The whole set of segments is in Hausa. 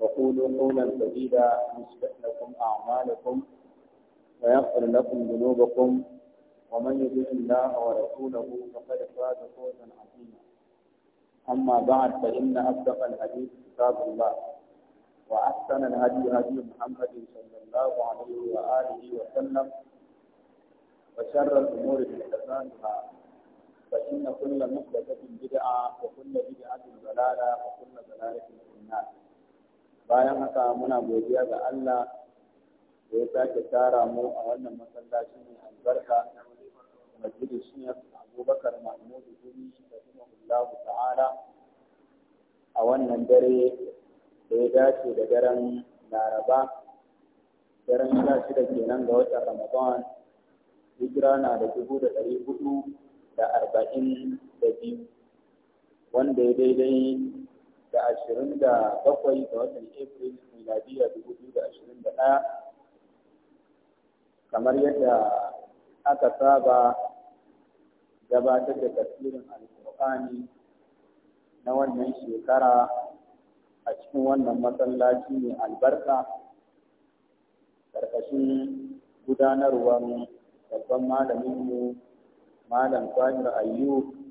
وقولوا قولا سديدا يصلح لكم أعمالكم ويغفر لكم ذنوبكم ومن يطع الله ورسوله فقد فاز فوزا عظيما أما بعد فإن أصدق الحديث كتاب الله وأحسن الهدي هدي محمد صلى الله عليه وآله وسلم وشر الأمور محدثاتها فإن كل محدثة بدعة وكل بدعة ضلالة وكل ضلالة في النار bayan haka muna godiya ga Allah da ya sake tara mu a wannan masallaci mai albarka masjidin shiyar abubakar mahmudu guri da kuma Allah ta'ala a wannan dare da ya dace da daren laraba daren sha shida kenan ga watan ramadan hijira na da dubu da ɗari hudu da arba'in da biyu wanda ya daidai da ashirin da bakwai da watan april miladiya dubu biyu da ashirin da ɗaya kamar yadda aka saba gabatar da tasirin alƙur'ani na wannan shekara a cikin wannan masallaci mai albarka ƙarƙashin gudanarwar babban malaminmu malam kwanar ayyuk.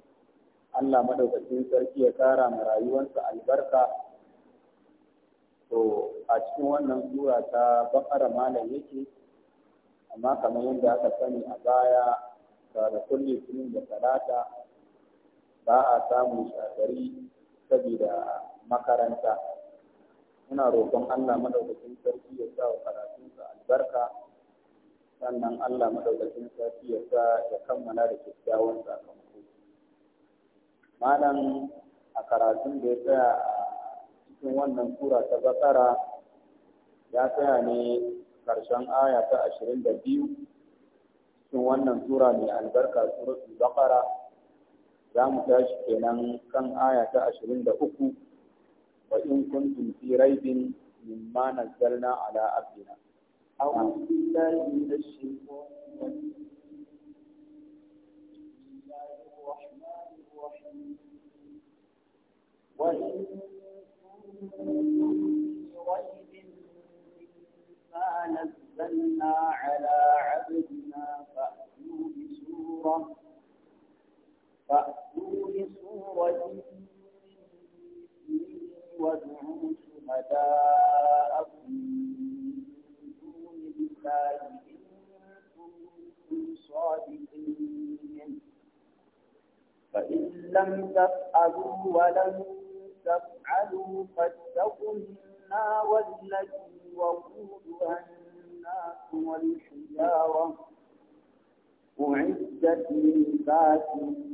Allah madaukakin sarki ya kara ma rayuwarsa albarka to a cikin wannan sura ta bakara malam yake amma kamar yadda aka sani a baya da kulli sunin da talata ba a samun shagari saboda makaranta muna roƙon Allah madaukakin sarki ya sa wa karatunsa albarka sannan Allah madaukakin sarki ya sa ya kammala da kyakkyawan sakamako malam a karatun da ya tsaya a cikin wannan sura ta bakara ya tsaya ne karshen aya ta ashirin da biyu cikin wannan tura mai albarka suratul bakara za mu tashi kenan kan aya ta ashirin da uku wa in kuntum fi raibin mimma nazzalna ala abdina أعوذ بالله من الشيطان الرجيم وإن ريب مما نزلنا على عبدنا فأتوا بسورة فأتوا بسورة وادعوا شهداءكم من دون الله إن صادقين فإن لم تفعلوا ولم تفعلوا فاتقوا النار التي وقودها الناس والحجارة أعدت للكافرين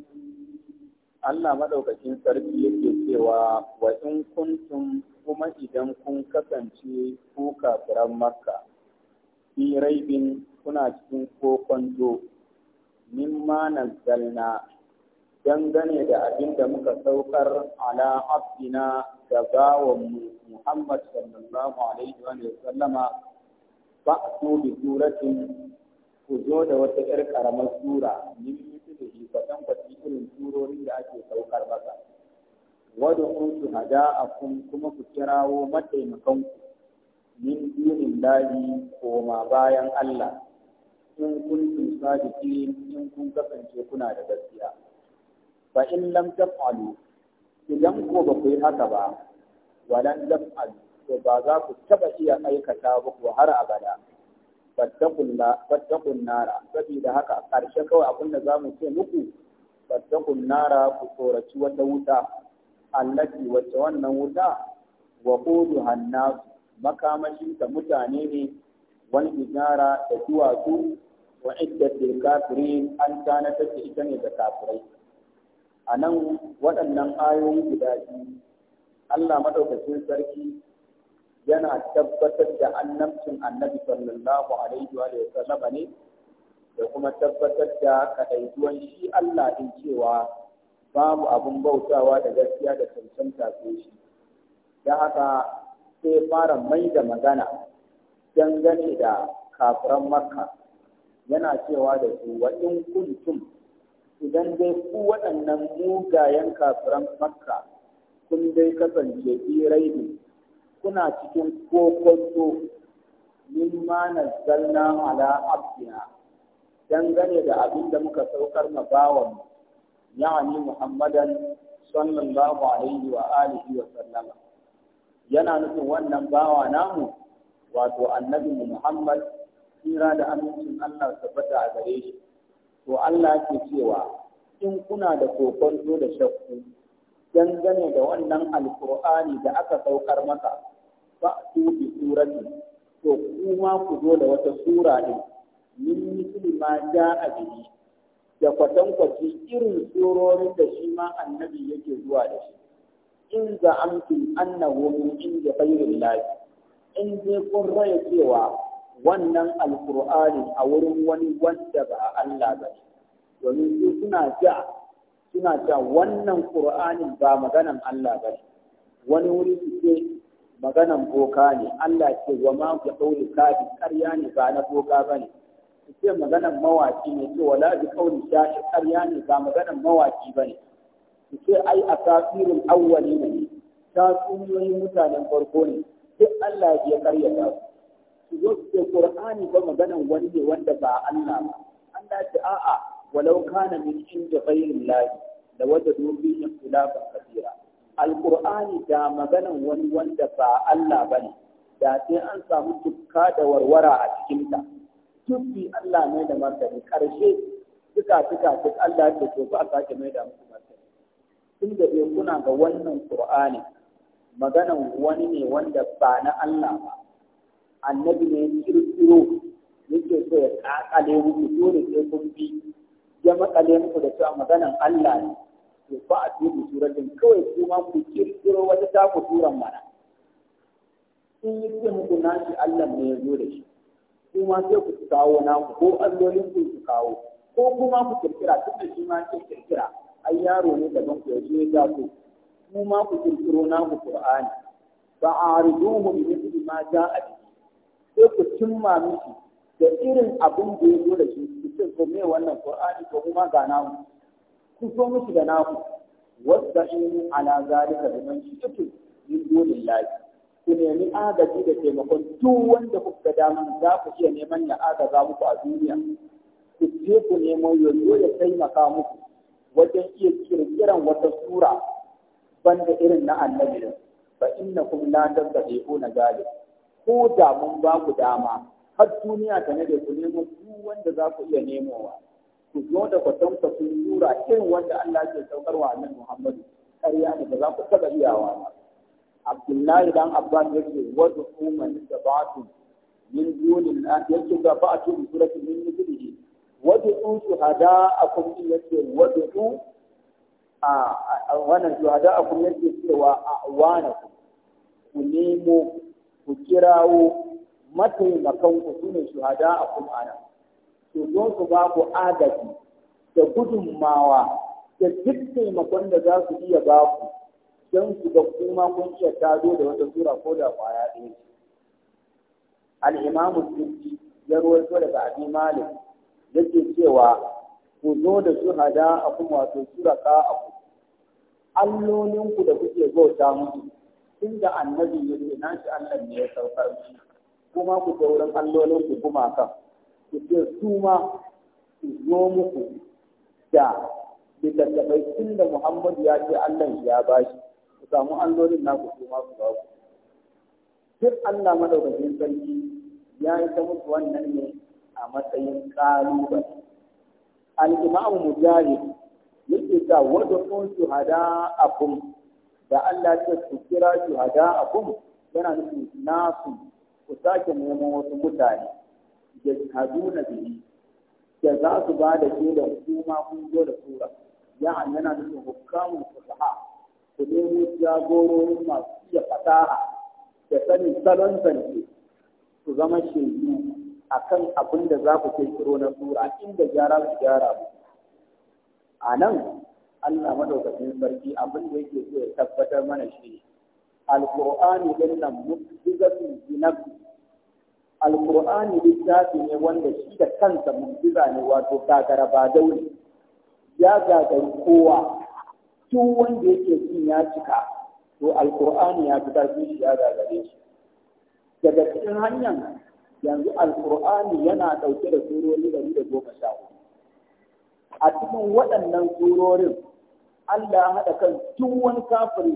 Allah maɗaukacin sarki yake cewa wa in kuntum kuma idan kun kasance ku kafiran makka fi raibin kuna cikin kokon do na nazzalna dangane da abin da muka saukar ala abdina ga bawan Muhammad sallallahu alaihi wa sallama ba su bi suratin ku zo da wata ƴar karamar sura min mutu da shi kwatan kwatan irin surorin da ake saukar masa wadda kun su hada a kun kuma ku kirawo ku min dunin lahi koma bayan Allah in kun tunsa in kun kasance kuna da gaskiya. fa in lam taf'alu idan ko ba ku yi haka ba walan taf'alu to ba za ku taba iya aikata ba ku har abada fattakun nara saboda haka ƙarshe kawai abin da za mu ce muku fattakun nara ku tsoraci wata wuta allati wacce wannan wuta wa kudu hannasu ta mutane ne wani ijara da duwatsu wa iddatil kafirin an tana take ita ne da kafirai a nan waɗannan ayoyi guda biyu Allah maɗaukacin sarki yana tabbatar da annabcin annabi sallallahu alaihi wa sallama ne da kuma tabbatar da kaɗaituwan shi Allah in cewa babu abin bautawa da gaskiya da cancanta sai shi da haka sai fara mai da magana dangane da kafiran makka yana cewa da su wa in kuntum idan dai ku waɗannan mugayen kafiran makka kun dai kasance birai ne kuna cikin kokonto mimma nazzalna ala abdina dangane da abin da muka saukar na bawan ya'ani muhammadan sallallahu alaihi wa alihi wa sallama yana nufin wannan bawa namu wato annabi muhammad tsira da amincin allah tabbata a gare shi to Allah ke cewa in kuna da kokonto da shakku dangane da wannan alkur'ani da aka saukar maka fa su bi surati to kuma ku zo da wata sura ne min misli ma ja'a bihi da kwaci irin surorin da shi ma annabi yake zuwa da shi in za'amtum annahu min inda ghayri in dai kun raya cewa wannan alkur'ani a wurin wani wanda ba Allah ba ne domin su suna ja suna ja wannan ƙur'ani ba maganan Allah ba wani wuri su ce maganan boka ne Allah ce wa ma ku dauri kafi ƙarya ne ba na boka ba ne su ce maganan mawaki ne ce wala bi kauli shashi ƙarya ne ba maganan mawaki ba ne su ce ai a awwalin ne ta tsuniyoyin mutanen farko ne duk Allah ya karyata su wasu Qur'ani ba maganan wani ne wanda ba Allah ba Allah ce a'a walau kana min inda ghairin lahi da wajadu fihi ikhtilafan al alqur'ani da maganan wani wanda ba Allah ba ne. da sai an samu tukka da warwara a cikinta tubbi Allah ne da martani karshe suka suka duk Allah ya ce ba sake mai da muku martani inda bai kuna ga wannan qur'ani maganan wani ne wanda ba na Allah ba annabi ne kirkiro yake so ya kakale muku dole sai kun bi ya makale muku da cewa maganan Allah ne to ba a tudu suratin kawai kuma ku kirkiro wata ta ku turan mana in yi ce muku nashi Allah ne ya zo da shi kuma sai ku kawo na ku. ko allolin ku kawo ko kuma ku kirkira duk da shi ma ke kirkira ai yaro ne daban ku ya zo ya Ku ma ku kirkiro ku Qur'ani fa ariduhu bi mithli ma ja'a sai ku cimma miki da irin abin da ya zo da shi ku ce ko me wannan qur'ani ko kuma ga namu ku so miki da namu wasta'inu ala zalika biman in min dunillahi ku nemi agaji da taimakon duk wanda kuka dama za ku iya neman ya agaza muku a duniya ku je ku nemo yanzu ya taimaka muku wajen iya kirkiran wata sura banda irin na annabi fa innakum la na zalika ko da mun ba ku dama har duniya ta ne da ku nemo duk wanda za ku iya nemowa ku zo da kwatanta kun tura irin wanda Allah ke saukarwa nan Muhammadu ƙarya ne ba za ku taɓa iyawa ba Abdullahi dan Abbas yake ce kuma ni da batun min dunin yake da batun surati min nuzurihi wadu su shuhada akum yake wadu a wannan shuhada ya yake cewa a wani ku nemo ku kirawo mataimakan ku su ne shuhada a kuma to don su ba ku agaji da gudunmawa da duk taimakon da za su iya ba ku don su ga kuma kun iya tado da wata sura ko da kwaya ɗaya al al'imamu sufi ya rawaito daga abi malik yake cewa ku zo da shuhada a kuma wato suraka a ku allolinku da kuke bauta musu tun annabi ya ce na shi Allah ne ya saukar kuma ku taurin allolin ku kuma kan ku ce su ma su zo muku da littattafai tun Muhammadu ya ce Allah ya ba shi ku samu allolin naku su ma ku ba ku duk Allah madaukakin sarki ya yi ta musu wannan ne a matsayin ƙalubale al-imamu mujahid yake ta wadda kun shuhada kuma. da Allah ce ku kira a abun yana nufin nasu ku sake neman wasu mutane da na biyu, da za su ba da da kuma kun zo da sura ya'an yana nufin hukamun fusaha ku nemo jagororin masu iya fasaha da sanin salon zance su zama shaidu akan abin da za ku kai kiro na sura inda gyara su gyara a nan Allah madaukakin sarki abin da yake so ya tabbatar mana shi ne alqur'ani din nan mu'jizatu bi nafsi alqur'ani littafi ne wanda shi da kansa mu'jiza ne wato gagara ba wuri. ya gagari kowa tun wanda yake cin ya cika to alqur'ani ya fitar shi ya gagare shi daga cikin hanyar yanzu alqur'ani yana dauke da surori 114 a cikin waɗannan surorin Allah ya haɗa kan tun wani kafiri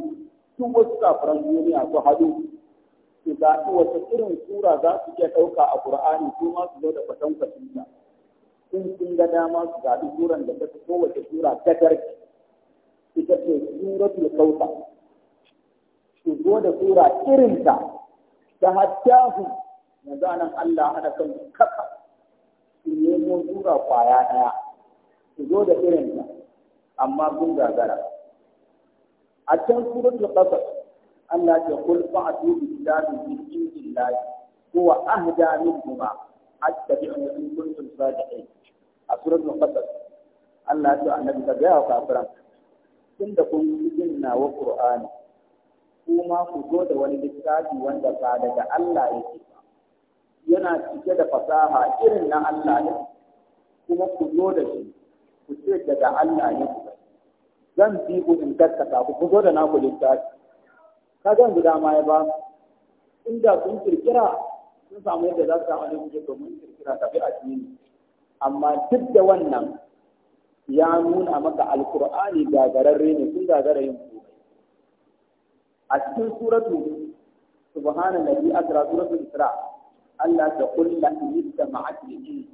tun wasu kafiran duniya su haɗu su zaɓi wata irin sura za su iya ɗauka a Ƙur'ani su ma su zo da fatan fasinta in sun ga dama su zaɓi suran da ta fito wata sura ta garki ita ce suratul kauta su zo da sura irinta ta su na zanen Allah haɗa kan kaka su nemo sura kwaya ɗaya su zo da irinta amma gun gagara a can suratul qasas Allah ya kul fa'atu bi kitabin min indillahi huwa ahda minhuma attabi'u in kuntum sadiqin a suratul qasas Allah ya ce annabi ka ga kafiran tunda kun yi wa qur'ani kuma ku zo da wani littafi wanda ba daga Allah yake ba yana cike da fasaha irin na Allah ne kuma ku zo da shi ku ce daga Allah ne zan fi ku in gaskata ku da naku littafi ka zan guda ma ya ba inda sun kirkira sun samu yadda za su samu ne kuke domin kirkira tafi addini amma duk da wannan ya nuna maka alkur'ani gagararre ne sun gagara yin ku a cikin suratu subhana nabi asra suratu isra Allah ta kulla yadda ma'at a jin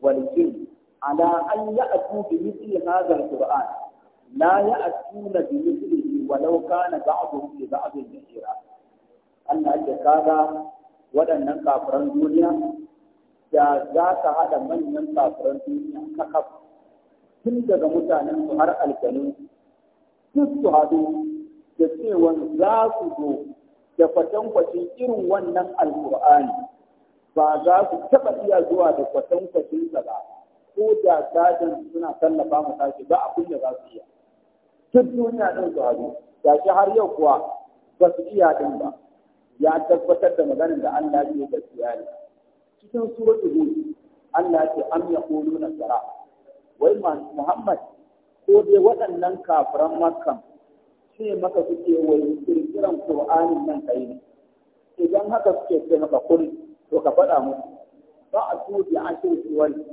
wal jin ala an ya'tu bi mithli hadha hazar la ya atuna bi mithlihi walau kana ba'dhum li ba'dhin zahira Allah ya kaga waɗannan kafiran duniya da za ka haɗa manyan kafiran duniya kakaf tun daga mutanen su har aljanun duk su da cewa za su zo da kwatankwacin irin wannan alkur'ani ba za su taɓa iya zuwa da kwatankwacinsa ba ko da gadon suna tallafa mu tashi ba abin da za su iya duk duniya ɗin su haɗu ta shi har yau kuwa ba su iya ɗin ba ya tabbatar da maganin da Allah ya gaskiya ne cikin suratul hud Allah ya ce am yaquluna nasara. wai Muhammad ko dai waɗannan kafiran makkan ce maka suke wai kirkiran Qur'anin nan kai ne idan haka suke ce maka kul to ka faɗa musu ba a tuji an shirki wani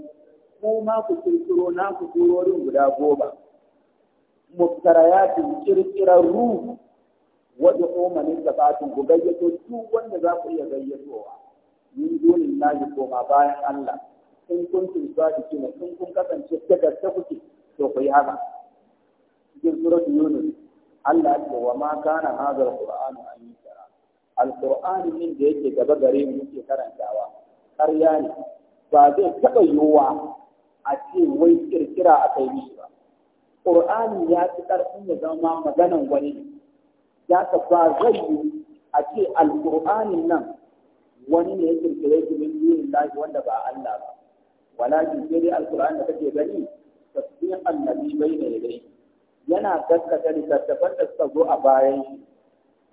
kuma ku kirkiro na ku turorin guda goma ƙirƙirarru kirkirarru wadda da gabatun ku gayyato duk wanda za ku iya gayyatowa min dunin lahi koma bayan Allah in kun tuntuwa da kina in kun kasance da gaske kuke to ku yi haka cikin surat yunus Allah ce wa ma kana hadal qur'anu an yusra alqur'ani min da yake gaba gare mu ke karantawa ƙarya ne ba zai taɓa yiwuwa a ce wai kirkira a kai mishi ba ƙor'ani ya fi ƙarfin ya zama maganan wani ya ta ba zai yi a ce alƙur'anin nan wani ne ya kirkire shi min yin lahi wanda ba Allah ba walakin sai dai alƙur'ani da kake gani tafsirin annabi bai ne dai yana gaskata littattafan da suka zo a bayan shi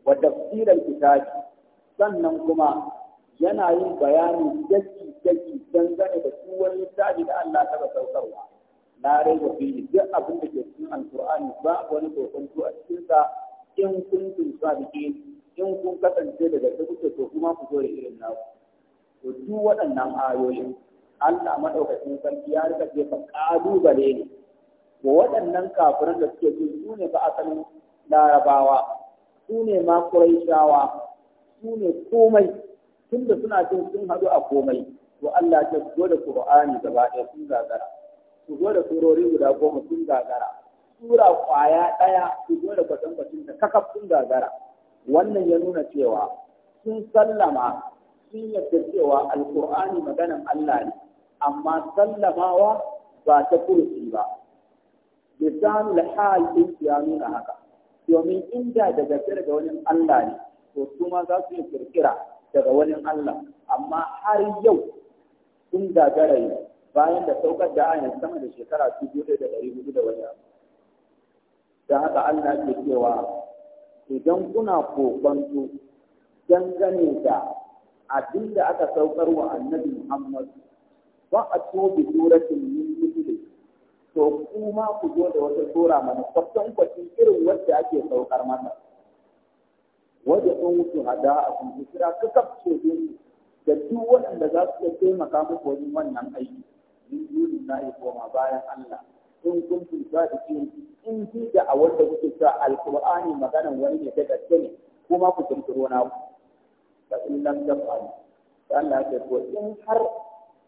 wa tafsirin kitabi sannan kuma yana yin bayani daki don dangane da su wani littafi da Allah ta saukarwa Na raiba fihi duk abin da ke cikin alkur'ani ba wani su a cikin sa in kuntum ke, in kun kasance daga ta kuke to kuma ku zo da irin naku to duk waɗannan ayoyin Allah madaukakin sarki ya rika jefa kalubale ne wa waɗannan kafiran da suke jin su ne a asalin larabawa su ne ma shawa, su ne komai tunda suna jin sun haɗu a komai to Allah ya zo da Qur'ani gaba ɗaya sun gagara ku zo da guda goma sun gagara Tura kwaya ɗaya ku zo da kwatankwacin da kakaf sun gagara wannan ya nuna cewa sun sallama sun yadda cewa Alƙur'ani maganan Allah ne amma sallamawa ba ta kurfi ba lisanul hal din ya nuna haka domin inda daga daga wani Allah ne to su ma za su yi kirkira daga wani Allah amma har yau sun gagara yau bayan da saukar da ayan sama da shekara dubu dole da ɗari hudu da wani abu da haka Allah ke cewa idan kuna kokonto dangane da abin da aka saukar wa annabi Muhammad ba a to bi suratin min to kuma ku zo da wata sura mana kwatan kwatin irin wacce ake saukar mata wajen sun wuce hada a kuma kira ka kafce da duk waɗanda za su taimaka muku wajen wannan aiki min duni yi koma bayan Allah in kuntum sadiqin in ji da a wanda kuke sa alqur'ani maganan wani ne da gaske ne kuma ku kirkiro na ku in lam taf'al Allah ya ce in har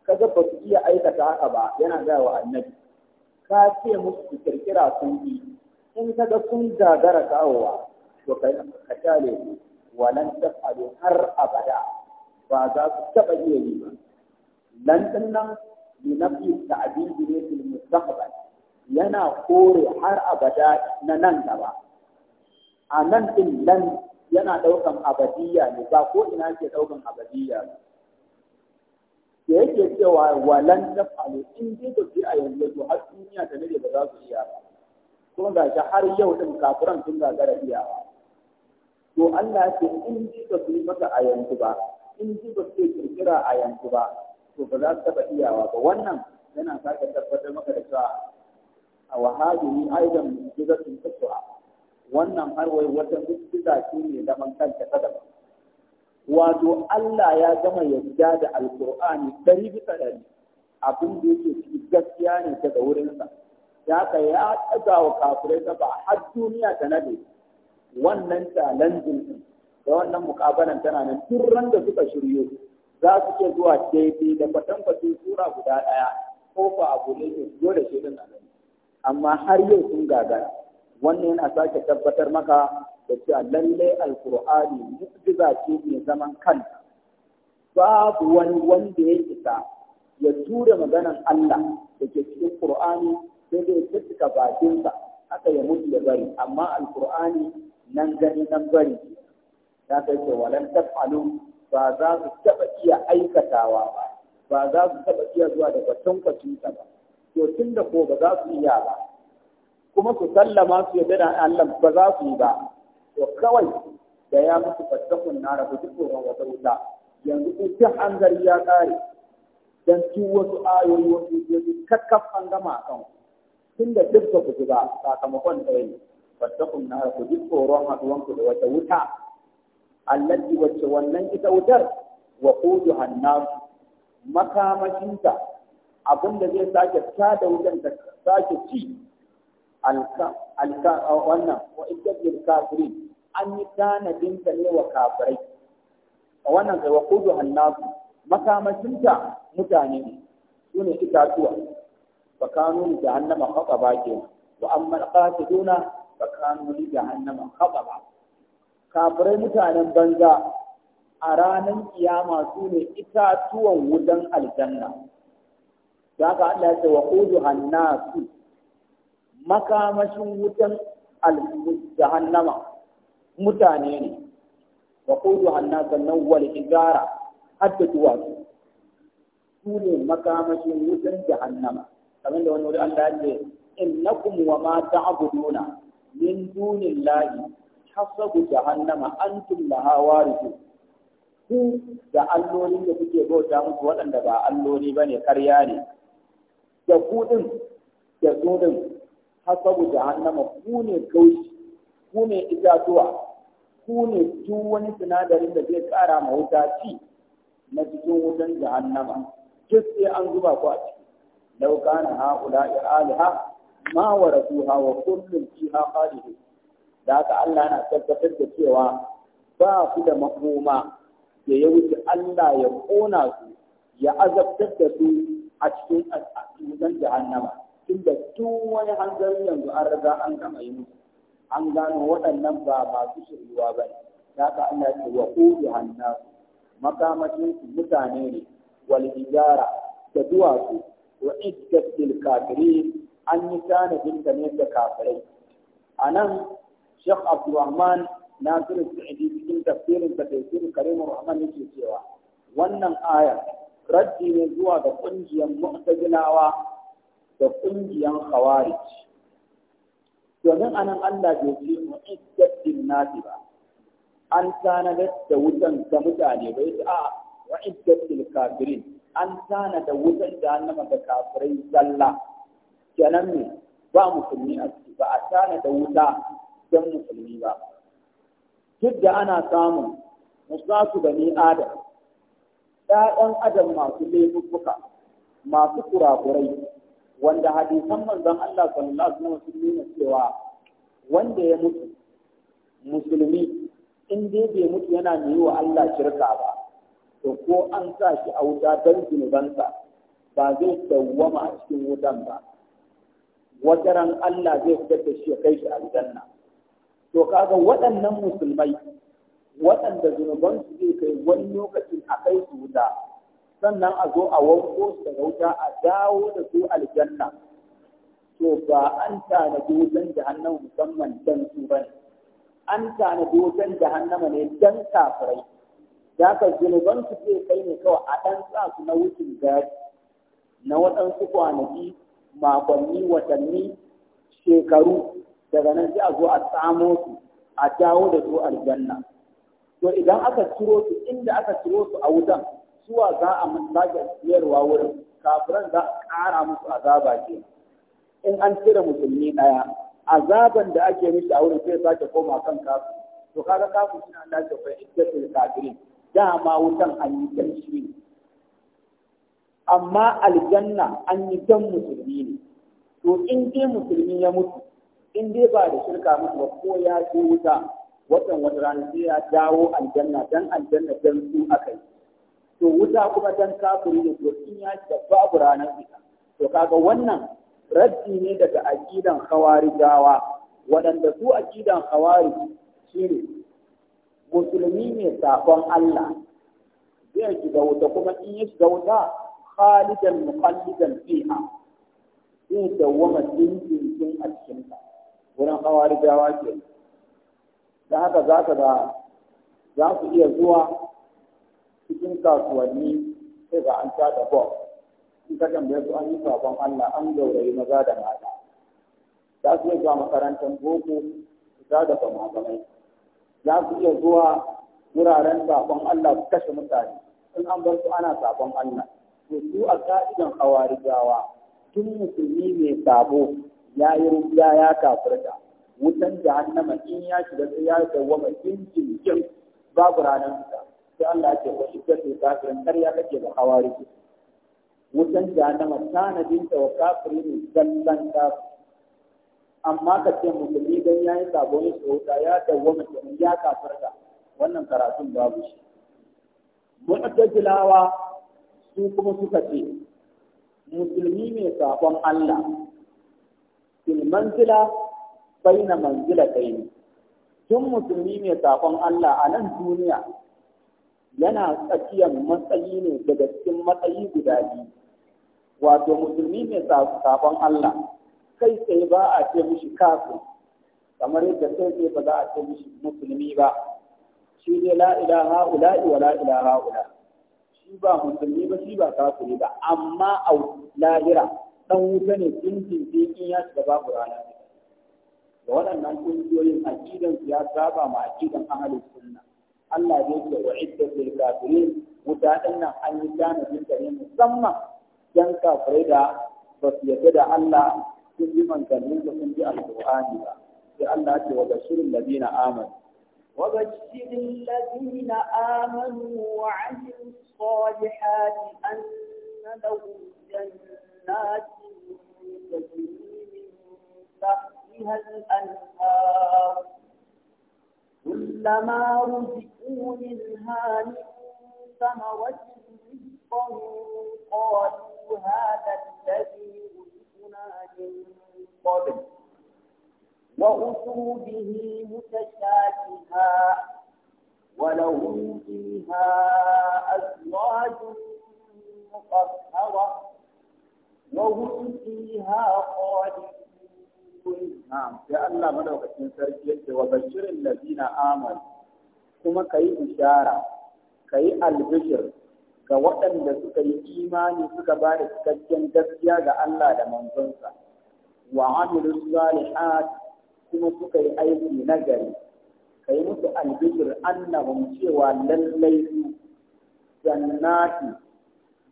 kaga ba su iya aikata haka ba yana gaya wa annabi ka ce musu su kirkira sun yi in kaga sun gagara kawowa to ka tale ku walan taf'alu har abada ba za su taɓa iya yi ba lan nan لنفي التعبيد في المستقبل yana kore har abada na nan gaba a nan din nan yana ɗaukan abadiyya ne ba ko ina ke ɗaukan abadiyya ne da yake cewa walan ta falo in dai ku ji a yanzu to har duniya ta nade ba za su iya ba kuma ga shi har yau din kafiran sun gagara iyawa to Allah ya in ji ba su maka a yanzu ba in ji ba kirkira a yanzu ba to ba za su taɓa iyawa ba wannan yana sake tabbatar maka da cewa a wahabi aidan jizatun tuswa wannan har wai wata mutsiza shi ne zaman kanta ta daban wato Allah ya gama yarda da alkur'ani ɗari bisa ɗari abin da yake ci gaskiya ne daga wurinsa ya ka ya ɗaga wa kafirai ta ba har duniya ta nade wannan talanjin da wannan mukabalan tana nan duk da suka shiryo za su ke zuwa daidai da kwatankwacin sura guda ɗaya ko fa abu ne ke zo da shirin a nan amma har yau sun gagara wannan yana sake tabbatar maka da cewa lalle alkur'ani mu'jiza ce mai zaman kanta babu wani wanda ya isa ya tura maganan Allah da ke cikin Kur'ani, sai dai ya cika bakinsa haka ya mutu ya bari amma alkur'ani nan gani nan bari ya kai ce walan taf'alu ba za su taɓa iya aikatawa ba ba za su taɓa iya zuwa da kwatankwacin ta ba to tun da ko ba za su iya ba kuma su sallama su yadda da Allah ba za su yi ba to kawai da ya musu fattakun na rabu duk tsoron wata wuta yanzu ku ta hanzari ya ƙare dan su wasu ayoyi wasu jeji kakkaf an gama kan tun da duk ba ku ba sakamakon ɗaya ne fattakun na rabu duk tsoron haɗuwanku da wata wuta allati wacce wannan ita wutar wa quduha an makamashinta abinda zai sake da wutar da sake ci alka alka wannan wa iddatul kafirin an yi tanadin ta ne wa kafirai a wannan sai, wa quduha an makamashinta mutane ne sune itatuwa fa kanu jahannama khataba ke wa amma al-qasiduna fa kanu li jahannama khataba kafirai mutanen banza a ranar kiyama su ne itatuwan wudan aljanna za ka Allah ya ce wa kudu hannasu makamashin wutan jahannama mutane ne wa kudu hannasu nan wal igara har da duwatsu su ne makamashin wutan jahannama kamar da wani wuri Allah ya ce innakum wa ma ta'buduna min dunillahi hasabu jahannama antum laha warithu ku da allolin da kuke bauta muku waɗanda ba alloli ba ne karya ne da ku ɗin da su ɗin hasabu jahannama ku ne kaushi ku ne itatuwa ku ne duk wani sinadarin da zai ƙara ma wuta ci na cikin wutan jahannama duk sai an zuba ku a ciki lau kana ha'ula'i aliha ma rasuha wa kullum fiha khalidun da haka Allah yana tabbatar da cewa ba su da makoma da ya wuce Allah ya kona su ya azabtar da su a cikin wutan jahannama tunda tun wani hanzari yanzu an riga an gama yi musu an gano waɗannan ba masu shirwa ba ne da haka Allah ya ce wa kudu hannasu makamashin mutane ne wal da duwatsu wa iddat kafirin an yi tanadin da ne da kafirai anan Sheikh Abdulrahman na Nasiru Sa'idi cikin tafsirin sa tafsirin Karimur Rahman yake cewa wannan ayar raddi ne zuwa ga kungiyar mu'tazilawa da kungiyar khawarij domin anan Allah bai ce mu lin nasi ba an tanadar da wutan ga mutane bai ce a wa'iddat lil kafirin an tanada wutan jahannama ga kafirai zalla kenan ne ba musulmi a ciki ba a tanada wuta don musulmi ba duk da ana samun musasu ni adam ɗayan adam masu laifuka masu kurakurai wanda hadisan manzon Allah sallallahu alaihi wasallam sun cewa wanda ya mutu musulmi in dai bai mutu yana ne wa Allah shirka ba to ko an sa shi a wuta don zunubansa ba zai dawwama a cikin wutan ba wata ran Allah zai fitar da shi ya kai shi aljanna to kaga waɗannan musulmai waɗanda zunuban su zai kai wani lokacin a kai su wuta sannan a zo a wanko su daga wuta a dawo da su aljanna to ba an tanadi wutan jahannama musamman dan su bane an tanadi wutan jahannama ne dan kafirai da ka zunuban su zai kai ne kawai a ɗan sa su na wucin gari na waɗansu kwanaki makonni watanni shekaru daga nan sai a zo a samo su a dawo da su aljanna to idan aka ciro su inda aka ciro su a wutan suwa za a sake siyarwa wurin kafiran za a ƙara musu azaba ke in an cire musulmi ɗaya azaban da ake mishi a wurin sai sake koma kan kafin to kaga kafin suna dace fa iddatul kafirin dama wutan an yi dan shi amma aljanna an yi dan musulmi ne to in dai musulmi ya mutu in dai ba da shirka musu ba ko ya ce wuta watan wata rana sai ya dawo aljanna dan aljanna dan su akai to wuta kuma dan kafiri ne to in ya shiga babu ranar fita to kaga wannan raddi ne daga aqidan khawarijawa waɗanda su aqidan khawarij shine musulmi ne sakon Allah zai shiga wuta kuma in ya shiga wuta khalidan muqallidan fiha zai dawwama dindindin a cikin ta wurin hawari jawa ke da haka za ka da za su iya zuwa cikin kasuwanni sai ga an ta da bom in ka tambaye su an yi sabon Allah an gaurayi maza da mata za su iya zuwa makarantar boko su sha da famagamai za su iya zuwa wuraren sabon Allah su kashe mutane in an bar su ana sabon Allah to su a ka'idan hawari jawa tun musulmi mai sabo ya yi rubiya ya kafirta wutan da hannama in ya shiga sai ya dawwama jinjin jin babu ranar fita sai Allah ya ce wa shiddatu kafirin kar ya kace da hawariji wutan jahannama tanadin ta wa kafiri ne zallan kafiri amma ka ce musulmi don ya yi sabon shahota ya dawwama kenan ya kafirta wannan karatun babu shi mu'tazilawa su kuma suka ce musulmi mai sabon Allah fil manzila baina manzila ne. tun musulmi mai sakon Allah a nan duniya yana tsakiyar matsayi ne daga cikin matsayi guda biyu wato musulmi mai sakon Allah kai tsaye ba a ce mishi kafin kamar yadda kai tsaye ba za a ce mishi musulmi ba shi ne la ilaha wa la ilaha shi ba musulmi ba shi ba kafiri ba amma a lahira ɗan wuta ne tsintin in ya shiga babu rana da waɗannan ƙungiyoyin aƙidan ya saba ma aƙidan ahalin sunna Allah ya ce wa iddatul kafirin wuta ɗin nan an yi tanadin ta ne musamman dan kafirai da ba su yarda da Allah sun yi manzannin da sun ji alƙur'ani ba sai Allah ya ce wa bashirin ladina amanu وبشر الذين آمنوا وعملوا الصالحات أن لهم جنات جنات تجري من تحتها الأنهار كلما رزقوا منها من ثمرة رزقا قالوا هذا الذي رزقنا من قبل وأتوا به متشابها ولهم فيها أزواج مطهرة وهم فيها خالدون نعم يا الله مدوكتين سركي وبشر الذين آمنوا كما كي إشارة كي البشر ga waɗanda suka yi imani suka ba da cikakken gaskiya ga Allah da manzonsa wa amilu salihat kuma suka yi aiki na gari kai musu albishir annahum cewa lallai su jannati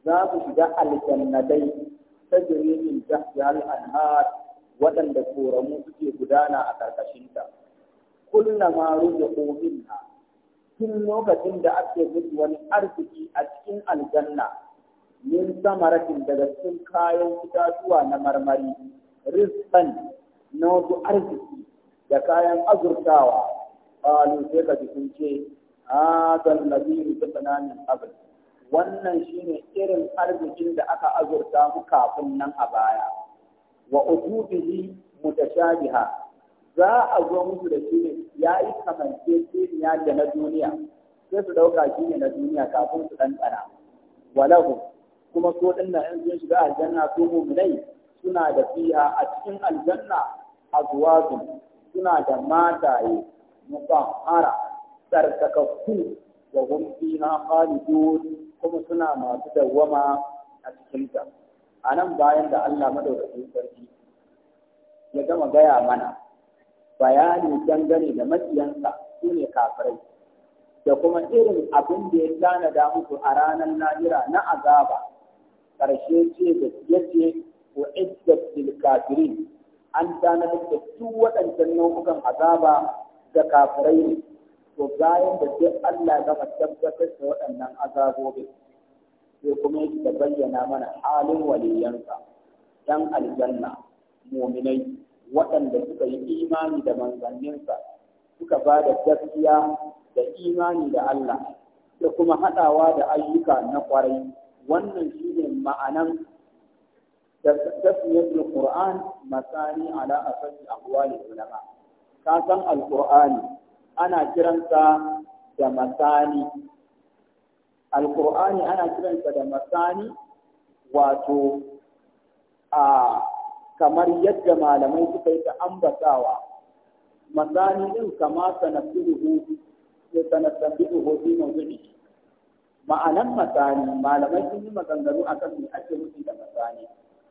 za su shiga aljannatai tajiri min tahtiha al-anhar waɗanda koramu suke gudana a ƙarƙashinta ma ruzuqu minha tun lokacin da ake gudu wani arziki a cikin aljanna min samaratin daga cikin kayan itatuwa na marmari rizqan na wasu arziki da kayan azurtawa qalu sai ka ji sun ce hadha alladhi rizqana min wannan shine irin arzikin da aka azurta mu kafin nan a baya wa ujubihi mutashabiha za a zo musu da shi ne ya yi kamance kiriya da na duniya sai su dauka shi ne na duniya kafin su ɗanɗana walahu kuma so ɗin na yanzu shiga aljanna su muminai suna da fiha a cikin aljanna zuwazu suna da mataye mutahhara tsarkakakku wa hum fiha khalidun kuma suna masu dawwama a cikinta a nan bayan da Allah madaukakin sarki ya gama gaya mana bayani dangane da maciyansa, su ne kafirai da kuma irin abin da ya tanada musu a ranar lahira na azaba Karshe ce da yace wa iddat lil kafirin an tanada da su waɗancan nau'ukan azaba da kafirai to bayan da duk Allah ya gama tabbatar da waɗannan azabobin sai kuma ya da bayyana mana halin waliyansa dan aljanna muminai waɗanda suka yi imani da manzanninsa suka ba da gaskiya da imani da Allah da kuma haɗawa da ayyuka na ƙwarai wannan shi ne ma'anan tasmiyatul qur'an masani ala asali ahwali ulama ka san alqur'ani ana kiransa da masani alkur'ani ana kiransa da masani wato a kamar yadda malamai suka yi ta ambatawa masani din kama sanafiruhu ya sanafiruhu fi mawdu'i ma'anan masani malamai sun yi maganganu akan me ake nufi da masani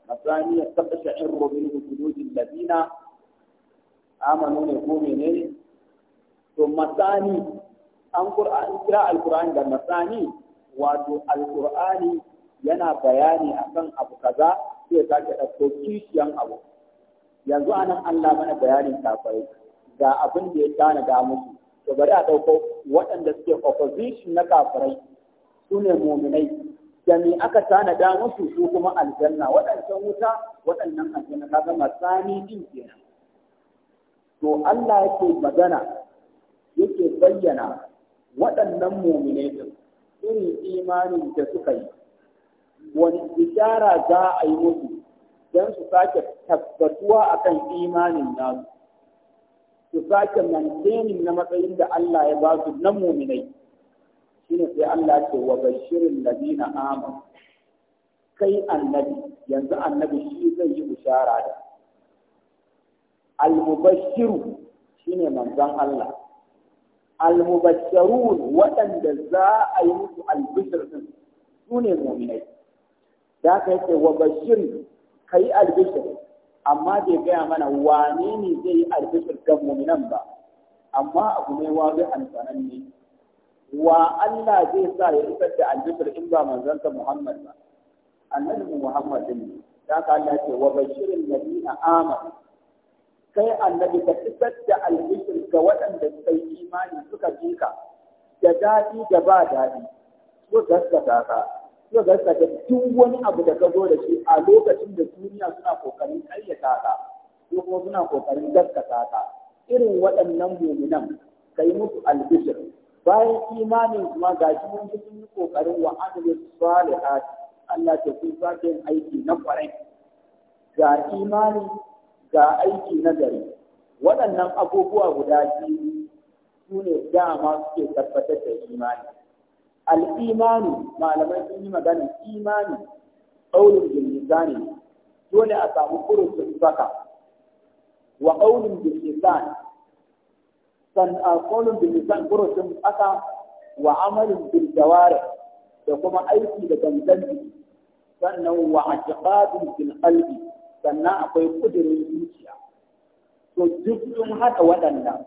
masani ya saka sha'ir rubin hududin ladina amanu ne ko menene to masani an kira alkur'ani da masani wato alkur'ani yana bayani akan abu kaza sai ka ɗauko kishiyan abu yanzu anan Allah mana bayanin kafirai ga abin da ya tana da musu to bari a ɗauko waɗanda suke opposition na kafirai su ne muminai da me aka tana da musu su kuma aljanna waɗancan wuta waɗannan aljanna kaga masani din kenan to Allah yake magana yake bayyana waɗannan muminai irin imanin da suka yi wani bishara za a yi musu don su sake tabbatuwa akan imanin nasu su sake mantenin na matsayin da Allah ya ba su na muminai shine sai Allah ce wa bashirin ladina amanu kai annabi yanzu annabi shi zai yi bishara da al-mubashiru shine manzon Allah Almubattaru waɗanda za a yi musu albishir din su ne mu'minai da ka yace wa ka kai albishir amma bai gaya mana wane ne zai yi albishir ga mu'minan ba amma abu ne wa bai ne wa Allah zai sa ya isar da albishir in ba manzansa Muhammad ba annabi Muhammad din ne da ka Allah ce wa bashirin ladina amanu kai annabi ka fitar da albishir ga waɗanda suka imani suka ji ka da daɗi da ba daɗi ko gaskata ka Ko gaskata duk wani abu da ka zo da shi a lokacin da duniya suna kokarin ƙaryata ka ko kuma suna kokarin gaskata ka irin waɗannan muminan kai musu albishir bayan imanin kuma ga shi mun sun yi kokarin wa amilu salihat Allah ta kun sake aiki na kwarai ga imani ga aiki na gari waɗannan abubuwa guda biyu su ne dama suke tabbatar da imani al'imanu malamai sun yi magana imani ƙaunin bilmisani dole a samu furucin baka wa ƙaunin bilmisan san a ƙaunin bilmisan furucin baka wa amalin biljaware da kuma aiki da gangan sannan wa a fil qalbi sannan akwai kudirin zuciya to duk sun haɗa waɗanda,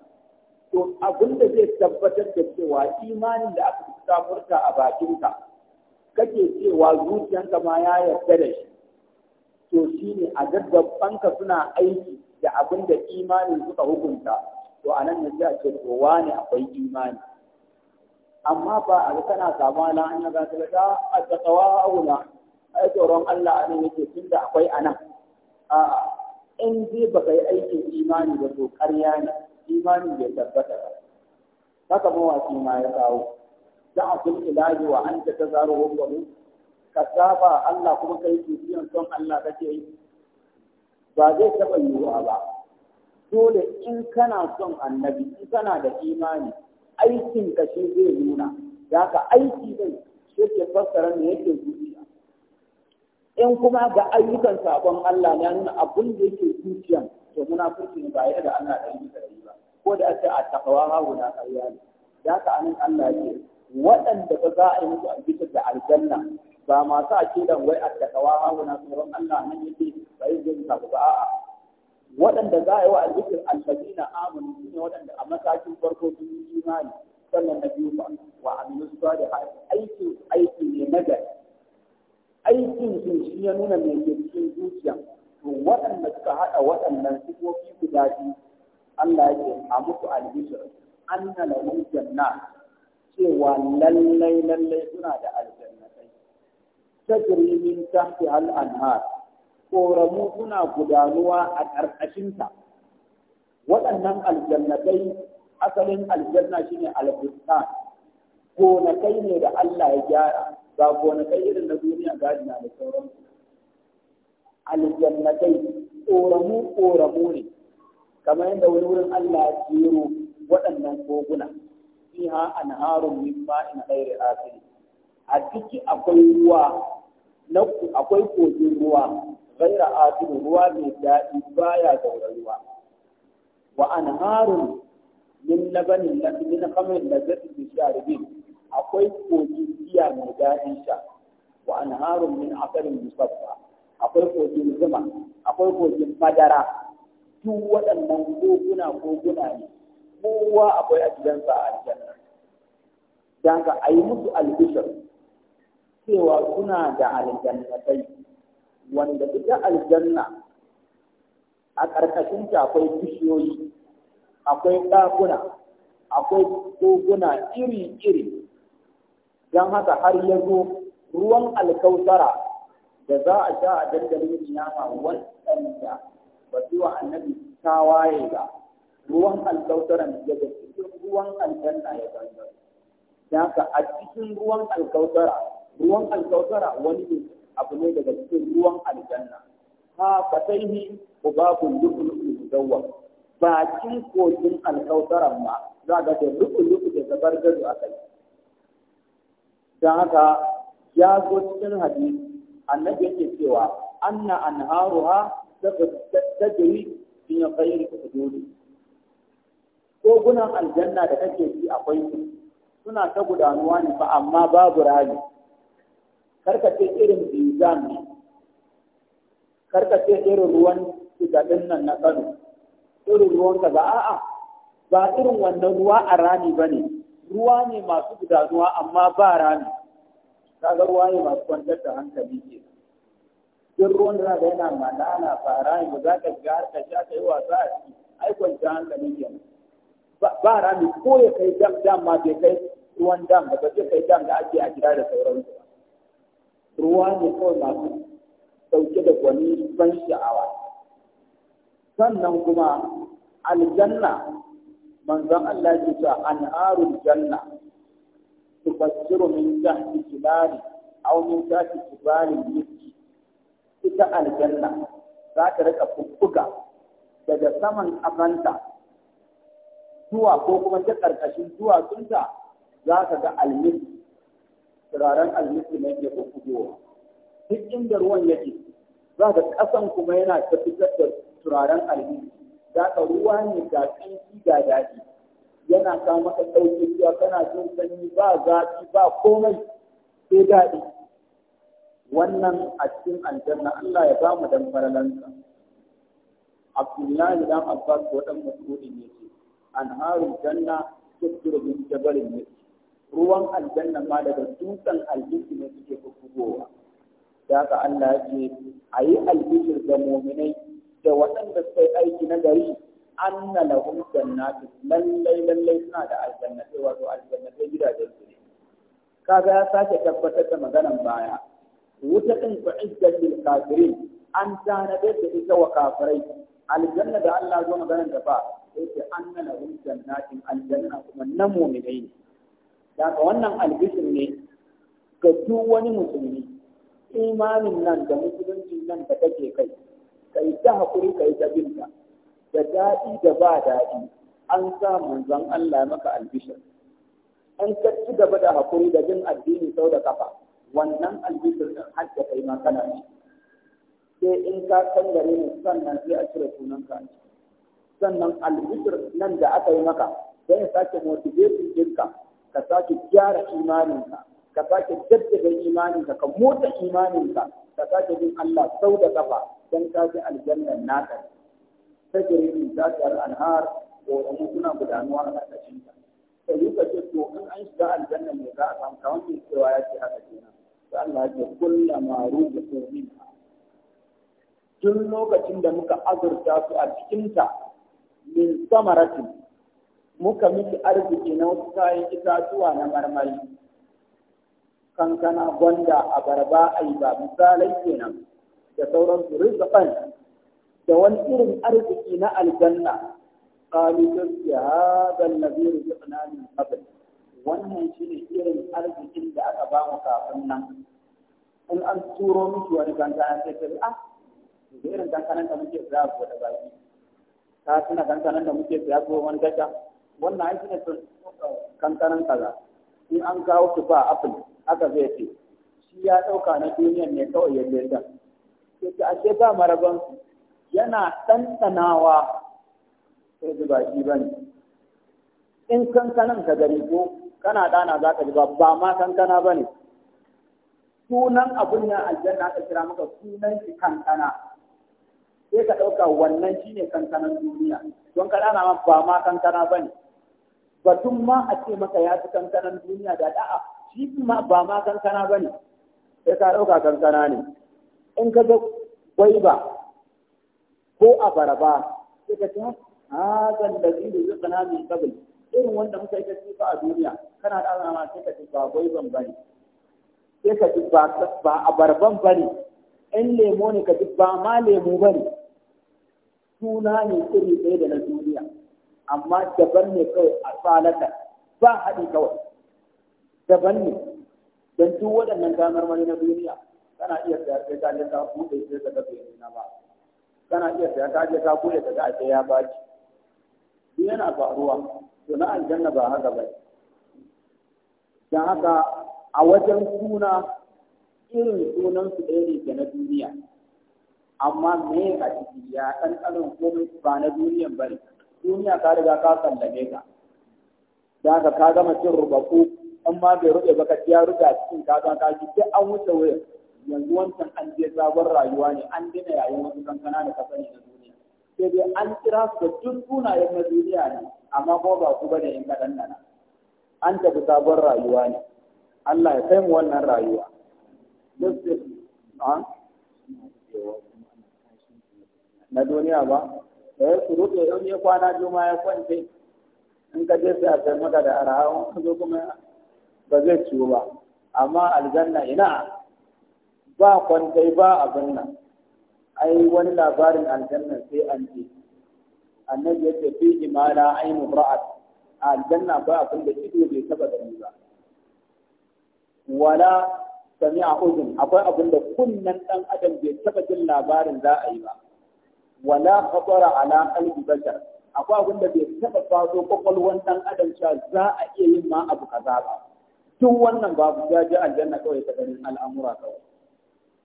to abin da zai tabbatar da cewa imanin da aka samurta a bakinka kake cewa zuciyanka ma ya yarda da shi to shi ne a gaggabanka suna aiki da abin da imanin suka hukunta to a nan ne sai a ce to wane akwai imani amma ba a ga kana kama na an yaga ta a tsakawa auna ai tsoron Allah a nan yake tunda akwai anan a'a in ba ka yi aikin imani da to ƙarya ne imani bai tabbata ba haka mawaki ma ya kawo da abin ilahi wa an ta zaro hukumu ka saba Allah kuma kai biyan son Allah kake yi ba zai taɓa yiwuwa ba dole in kana son annabi in kana da imani aikin ka shi zai nuna da ka aiki zai shi ke fassara ne yake zuciya in kuma ga ayyukan sabon Allah na nuna abin da yake zuciya to munafurci ne ba yadda da Allah da yi da ba ko da ake a takawa ha guda ƙarya ne ya ka anan Allah ne waɗanda ba za a yi musu albishir da aljanna ba masu akidan wai a takawa ha guda tsoron Allah nan yake ba yi zai ba a waɗanda za a yi wa albishir alfazina amanu su ne waɗanda a matakin farko sun yi imani sannan na biyu ba wa aminu su da aiki aiki ne na gari aikin su shi ya nuna mai yankin zuciya to waɗanda suka haɗa waɗannan sifofi guda biyu Allah ya ce a muku albishir na lahum janna cewa lallai lallai suna da aljannatai Ta-jirgin tafi al koramu suna gudanuwa a ƙarƙashinta waɗannan aljannatai asalin aljanna shine na gonakai ne da Allah ya gyara ga kai irin na duniya gadina da sauransu aljannatai ƙoramu ƙoramu ne kamar yadda wani wurin Allah ya jero waɗannan koguna fiha anharun min ma'in ghairi asiri a ciki akwai ruwa na akwai kogin ruwa ghairi asiri ruwa mai daɗi baya gaura ruwa wa anharun min labanin min khamrin lazzatin lisharibin akwai kogin giya mai daɗin sha wa harun min asalin musabba akwai kogin zuma akwai kogin madara duk waɗannan koguna koguna ne kowa akwai a gidansa a aljanna don ka a yi musu albishir cewa suna da aljannatai wanda ita aljanna a ƙarƙashin ta akwai bishiyoyi akwai ɗakuna akwai koguna iri-iri don haka har ya zo ruwan alkautara da za a sha a dandalin kiyama waɗanda ba su wa annabi waye ba ruwan alkautaran daga cikin ruwan aljanna ya zanzar da haka a cikin ruwan alkautara ruwan alkautara wani ne abu ne daga cikin ruwan aljanna ha fataihi ubabun lukun mudawwam bakin kogin alkautaran ma za ga da lukun lukun da zabar gado aka yi don haka ya zo cikin hadisi annabi yake cewa anna anharuha tajri fi ghayri hududi kogunan aljanna da kake ji akwai su suna ta gudanuwa ne fa amma babu rami karkace irin bizan ne karkace irin ruwan shigadin nan na kano irin ruwan ka ba a'a ba irin wannan ruwa a rami ba ne ruwa ne masu gudanuwa amma ba rami kaga waye masu kwantar da hankali ke duk ruwan da zaka yana manana fara ne za ka ga ka sha ka yi wasa a ciki ai da hankali ke ba rami ko ya kai dam dam ma bai kai ruwan dam ba zai kai dam da ake a gida da sauran ruwa ne kawai masu dauke da gwani ban sha'awa sannan kuma aljanna manzon Allah ya ce anharul janna tubashiru min tahti kibari aw min tahti ita aljanna za ta rika fuffuka daga saman abanta zuwa ko kuma ta ƙarƙashin duwatsunta za ka ga almis turaren almisi ne ke fuffugowa duk inda ruwan yake za ka ƙasan kuma yana ta fitar da turaren almisi za ka ruwa ne ga tsinki ga daɗi yana ta maka ɗauke cewa kana jin sanyi ba zafi ba komai sai daɗi wannan a cikin aljanna Allah ya ba mu dan faralansa Abdullahi dan Abbas ko dan Mas'ud ne ce anharul janna tudru min jabalin ne ruwan aljanna ma daga dutsen aljanna ne suke fufugowa da ka Allah ya ce ayi albishir ga mu'minai da waɗanda suka aiki na gari anna lahum jannatu lallai lallai suna da aljannatai wato aljannatai gidajen su ne kaga ya sake tabbatar da maganan baya wuta din fa izzat lil kafirin an tanade da ita wa kafirai aljanna da Allah zo maganan da fa yace anna lahum jannatin aljanna kuma nan mu'minai ne daga wannan albishir ne ga duk wani musulmi imanin nan da musulunci nan da kake kai kai ta hakuri kai ta binta da daɗi da ba daɗi an sa manzon Allah maka albishir an ka ci gaba da haƙuri da jin addini sau da kafa wannan albishir din har da kai ma kana sai in ka san gare ni sannan sai a cire sunanka sannan albishir nan da aka yi maka sai ya sake motivation ɗinka ka sake gyara imaninka ka sake jaddada imaninka ka motsa imaninka ka sake jin Allah sau da kafa don ka ji aljannan naka tajiri min ko anhar mu suna gudanuwa a ƙarƙashin ta sai ka ce to in an shiga aljanna ne za a samu ta cewa ya ce haka nan sai Allah ya ce kullama ko min tun lokacin da muka azurta su a ta min samaratin muka miki arziki na wasu kayan itatuwa na marmari kankana gwanda abarba aiba misalai kenan da sauran su rizqan da wani irin arziki na aljanna qalu gaskiya hada allazi rizqna min qabl wannan shine irin arzikin da aka ba mu kafin nan in an turo miki wani kankana sai ka ah da irin kankanan da muke saya ko da baki ka tuna kankanan da muke saya ko wani gaja wannan ai shine kankanin kaza in an kawo ki ba apple aka zai ce shi ya dauka na duniyan ne kawai ya leda sai ashe ba marabansu yana ɗanɗanawa sai ji ba shi ba ne in kankanan ka gari ko kana ɗana za ka ji ba ma kankana ba ne sunan abun nan aljanna aka kira maka sunan shi kankana sai ka ɗauka wannan shi ne kankanan duniya don ka ɗana ma ba ma kankana ba ne batun ma a ce maka ya fi kankanan duniya da da'a shi ma ba ma kankana ba ne sai ka ɗauka kankana ne in ka ga gwaiba ko a baraba sai ka ce haka da zai da kana min kabil irin wanda muka yi ta ba a duniya kana da alama sai ka ce ba ban bane sai ka ce ba a barban bane in lemo ne ka ce ba ma lemo bane suna ne iri ɗaya da na duniya amma daban ne kawai a salata ba haɗi kawai daban ne don duk waɗannan damar mani na duniya kana iya tsayar da ta buɗe sai ka ga bai ba kana iya saya ka je ka kure ka ga ake ya baki yana faruwa to na aljanna ba haka ba dan haka a wajen suna irin sunan su ɗaya ne na duniya amma me a ciki ya ɗan ɗanin komai ba na duniyan ne. duniya ka riga ka sallame ka da haka ka gama cin rubaku amma bai rube ba ka ya ruga cikin ka ka shi an wuce wurin yanzu wancan an je sabon rayuwa ne an gina yayin wasu kankana da ka sani na duniya sai dai an kira su da duk sunayen na duniya ne amma ko ba ku bane in kaɗan nan an tafi sabon rayuwa ne Allah ya kai mu wannan rayuwa ah? na duniya ba da eh, ya su rufe don ya kwana juma ya kwance in ka je sai a kai maka da arahawa ka zo kuma ba zai ciwo ba amma aljanna ina ba kwantai ba abin nan ai wani labarin aljanna sai an je annabi yake ce fi imala ainu ra'at aljanna ba abin da ido bai taba gani ba wala sami'a uzun akwai abin da kunnen dan adam bai taba jin labarin za a yi ba wala khatara ala qalbi bashar akwai abin da bai taba faso kwakwalwan dan adam cewa za a iya yin ma abu kaza ba duk wannan babu ya ji aljanna kawai ta ganin al'amura kawai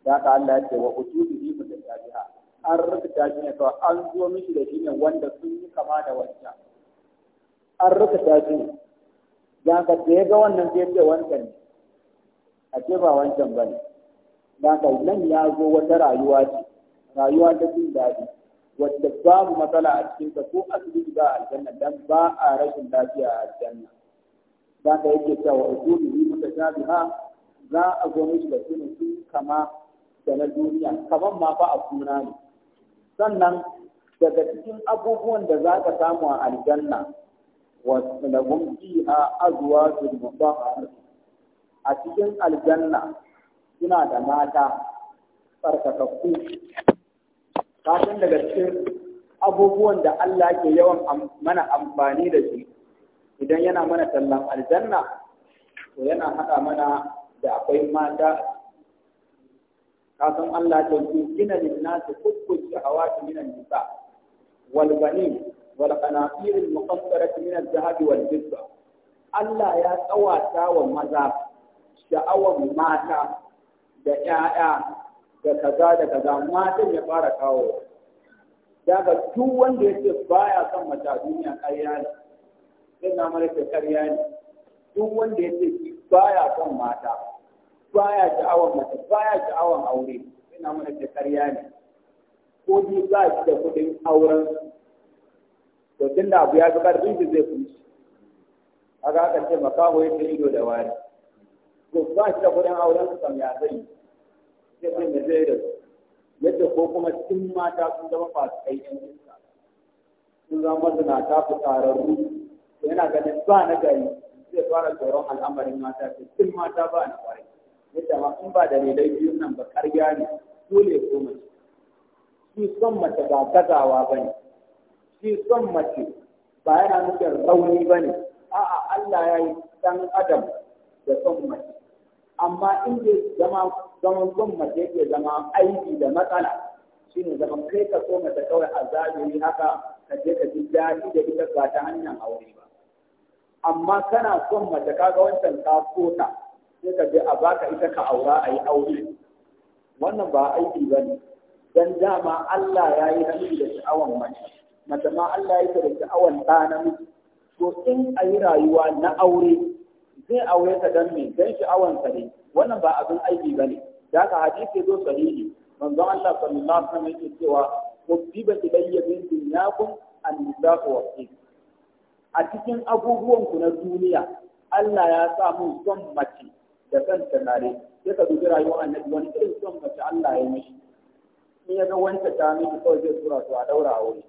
da haka Allah ya ce wa da mutasabiha an rubuta shi ne kawai an zo mishi da shi ne wanda sun yi kama da wancan an rubuta shi ne da ka da ya ga wannan zai ce wancan ne a ce ba wancan ba ne da ka nan ya zo wata rayuwa ce rayuwa ta jin daɗi wadda babu matsala a cikin ta ko asibiti ba aljanna dan ba a rashin lafiya a aljanna da haka yake cewa da mutasabiha za a zo mishi da shi ne sun kama da na duniya kamar ma fa a suna ne sannan daga cikin abubuwan da za ka samu a aljanna wasu lahum fiha azwajun mutahhar a cikin aljanna suna da mata tsarkakakku kafin daga cikin abubuwan da Allah ke yawan mana amfani da shi idan yana mana tallan aljanna to yana haɗa mana da akwai mata kafin Allah ta yi gina linnasi kukkun shahawati hawa nisa wal bani wal qanatir al muqaddarat min al zahabi wal fidda Allah ya tsawata wa maza sha'awan mata da 'ya'ya da kaza da kaza matan ya fara kawo daga duk wanda ya ce baya son mata, duniya ƙarya ne sai na mara ƙarya ne duk wanda ya ce baya son mata baya sha'awan mace baya sha'awan aure ina mana ta karya ne ko ji ba shi da kuɗin auren to tun da abu ya fi ƙarfin shi zai kunshi kaga aka ce makaho ya ce ido da wari to ba shi da kuɗin auren su kam ya zai sai kun da zai da su yadda ko kuma cikin mata sun zama fasu kai yan sun zama suna mazinata fitararru yana ganin ba na gari zai fara tsoron al'amarin mata cikin mata ba na kwarai yadda ma in ba dalilai biyu nan ba karya ne dole ko mace shi son mace ba gazawa ba ne shi son mace ba yana nufin rauni ba ne a'a Allah ya yi ɗan adam da son mace amma in dai zama zaman son mace yake zama aiki da matsala shi ne zaman kai ka so mace kawai a zahiri haka ka je ka ji daɗi da ita ba ta hanyar aure ba amma kana son mace kaga wancan ka so ta sai ka je a baka ita ka aura a yi aure wannan ba aiki ba ne don dama Allah ya yi hannu da sha'awan mace mace ma Allah ya yi da sha'awan ɗa namiji to in a yi rayuwa na aure zai aure ka don me don sha'awan sa ne wannan ba abin aiki ba ne da haka hadisi zo sahihi manzon Allah sallallahu alaihi wasallam yake cewa mutibat ilayya min dunyakum an-nisa'u wa a cikin abubuwan ku na duniya Allah ya sa mun son mace da kan tanare sai ka dubi rayuwar annabi wani irin son mace Allah ya mishi in ya ga wanta ta miki kawai zai tura su a daura a wuri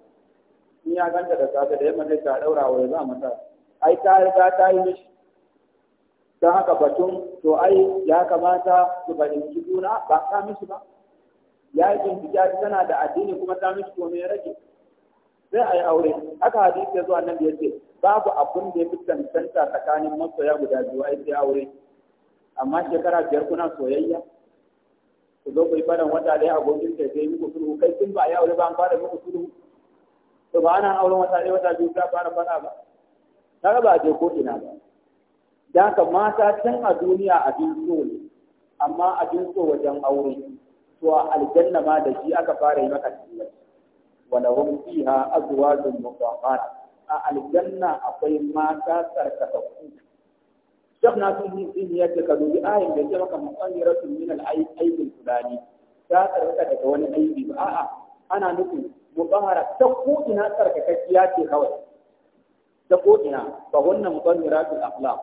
in ya ganta da safe da yamma zai ta daura a wuri za mata ai ta riga ta yi mishi don haka batun to ai ya kamata su fahimci juna ba ta mishi ba ya yi bincike tana da addini kuma ta mishi to me ya rage sai a yi aure haka hadisi ya zo annabi ya ce babu abin da ya fi tantanta tsakanin masoya guda biyu ai sai aure amma shekara biyar kuna soyayya ku zo ku yi fadan wata ɗaya abokin kai sai muku sulhu kai tun ba a yi aure ba an fara muku sulhu to ba ana auren wata ɗaya wata biyu ta fara faɗa ba ta ba a je ko ina ba da haka mata tun a duniya abin so ne amma abin so wajen aure to a aljanna ma da shi aka fara yi maka tilas walahum fiha azwajun mutahhara a aljanna akwai mata tsarkakakku shek na sun yi sun yadda ka dubi ayin da ke maka mu'amiratun min aikin fulani ta tsarkaka daga wani aiki ba a'a ana nufin mubahara ta ko ina tsarkakakkiya ce kawai ta ko ina ba wannan mu'amiratul akhlaq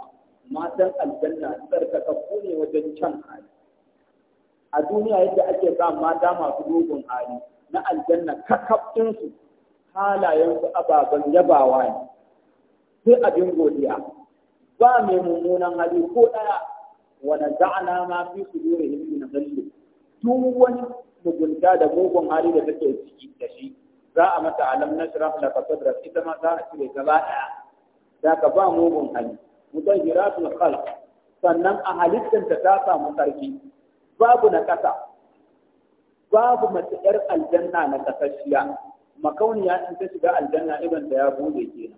matan aljanna tsarkakakku ne wajen can hali a duniya yadda ake ba mata masu dogon hali na aljanna kakkaɓinsu halayensu ababen yabawa ne sai abin godiya ba mai mummunan hali ko ɗaya Wani naza'na ma fi su sudurihim min ghillin Tun wani mugunta da mugun hali da take ciki da shi za a mata alam nashrah laka sadrak ita ma za a cire gaba ɗaya Da ka ba mugun hali mutahiratul khalq sannan a halittanta ta samu sarki babu na ƙasa babu mace ‘yar aljanna na ƙasashiya makauniya in ta shiga aljanna idan da ya bude kenan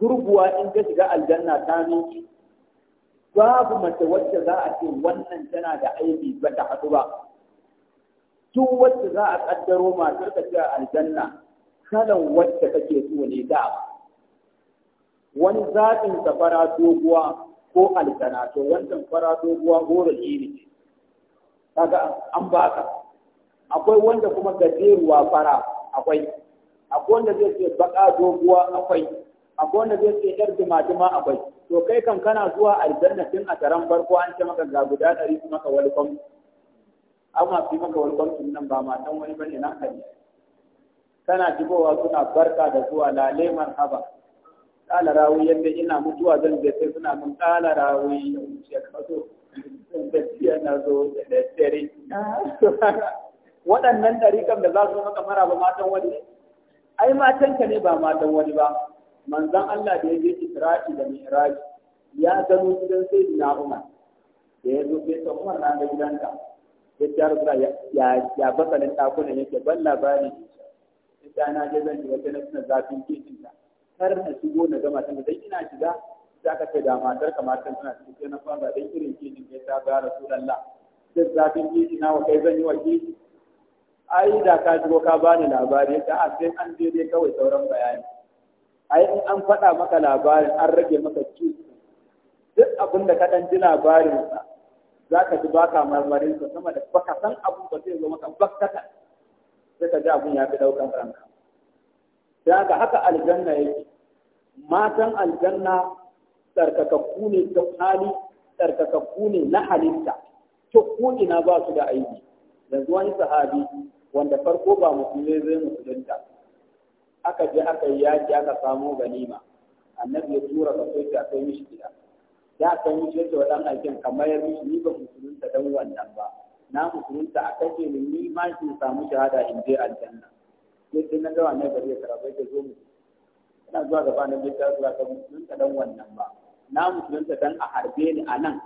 gurguwa in ta shiga aljanna ta ninki babu mace wacce za a ce wannan tana da aibi ba ta haɗu ba Tun wacce za a ƙaddaro matar ta ce aljanna kalan wacce kake so ne da wani zaɓin ta fara doguwa ko aljanna to wancan fara doguwa goro ne kaga an baka akwai wanda kuma gajeruwa fara akwai akwai wanda zai ce baka doguwa akwai akwai wanda zai ce yar jima ma a bai to kai kan kana zuwa aljanna tun a taron farko an ce maka ga guda ɗari su maka welcome an ma fi maka wani kwamfi nan ba matan wani bane nan kare kana jibowa suna barka da zuwa lale marhaba ƙala rawi yadda ina mutuwa zan je sai suna mun ƙala rawi ya kaso gaskiya na zo da dare waɗannan ɗarikan da za su maka mara ba matan wani ai matanka ne ba matan wani ba Manzan Allah da ya je Isra'i da Mi'raj ya gano gidan na, Umar da ya zo sai Umar na ga gidanka ya ta rubuta ya ya bakalin dakunan yake ban labari in ta na je zan shiga na suna zafin kicin ta kar na shigo na gama tun da ina shiga za ka ce da matar ka matar suna cikin sai na fara da irin kicin kai ta ga Rasulullah sai zafin kicin na wa kai zan yi wa kicin ai da ka shigo ka bani labari ta a sai an je dai kawai sauran bayani a yi an faɗa maka labarin an rage maka cikin duk abin da ka ɗan ji labarinsa za ka ji baka marmarinsa sama da baka san abu ba zai zo maka bakkata sai ka ji abin ya fi ɗaukan ranka sai haka haka aljanna yake matan aljanna tsarkakakku ne ta hali tsarkakakku ne na halitta to ko na ba su da aiki yanzu wani sahabi wanda farko ba musulmi zai musulunta aka je aka yi yaki aka samo ganima annabi ya tura ka sai ka kai mishi gida ya kai mishi yace wa aikin kamar ya mishi ni ba musulunta dan wannan ba na musulunta a kace ni ni ma in samu shahada in je aljanna sai sai na ga wannan gari ya karaba ta zo mu ina zuwa gaba na bi ta zuwa ta musulunta dan wannan ba na musulunta dan a harbe ni a nan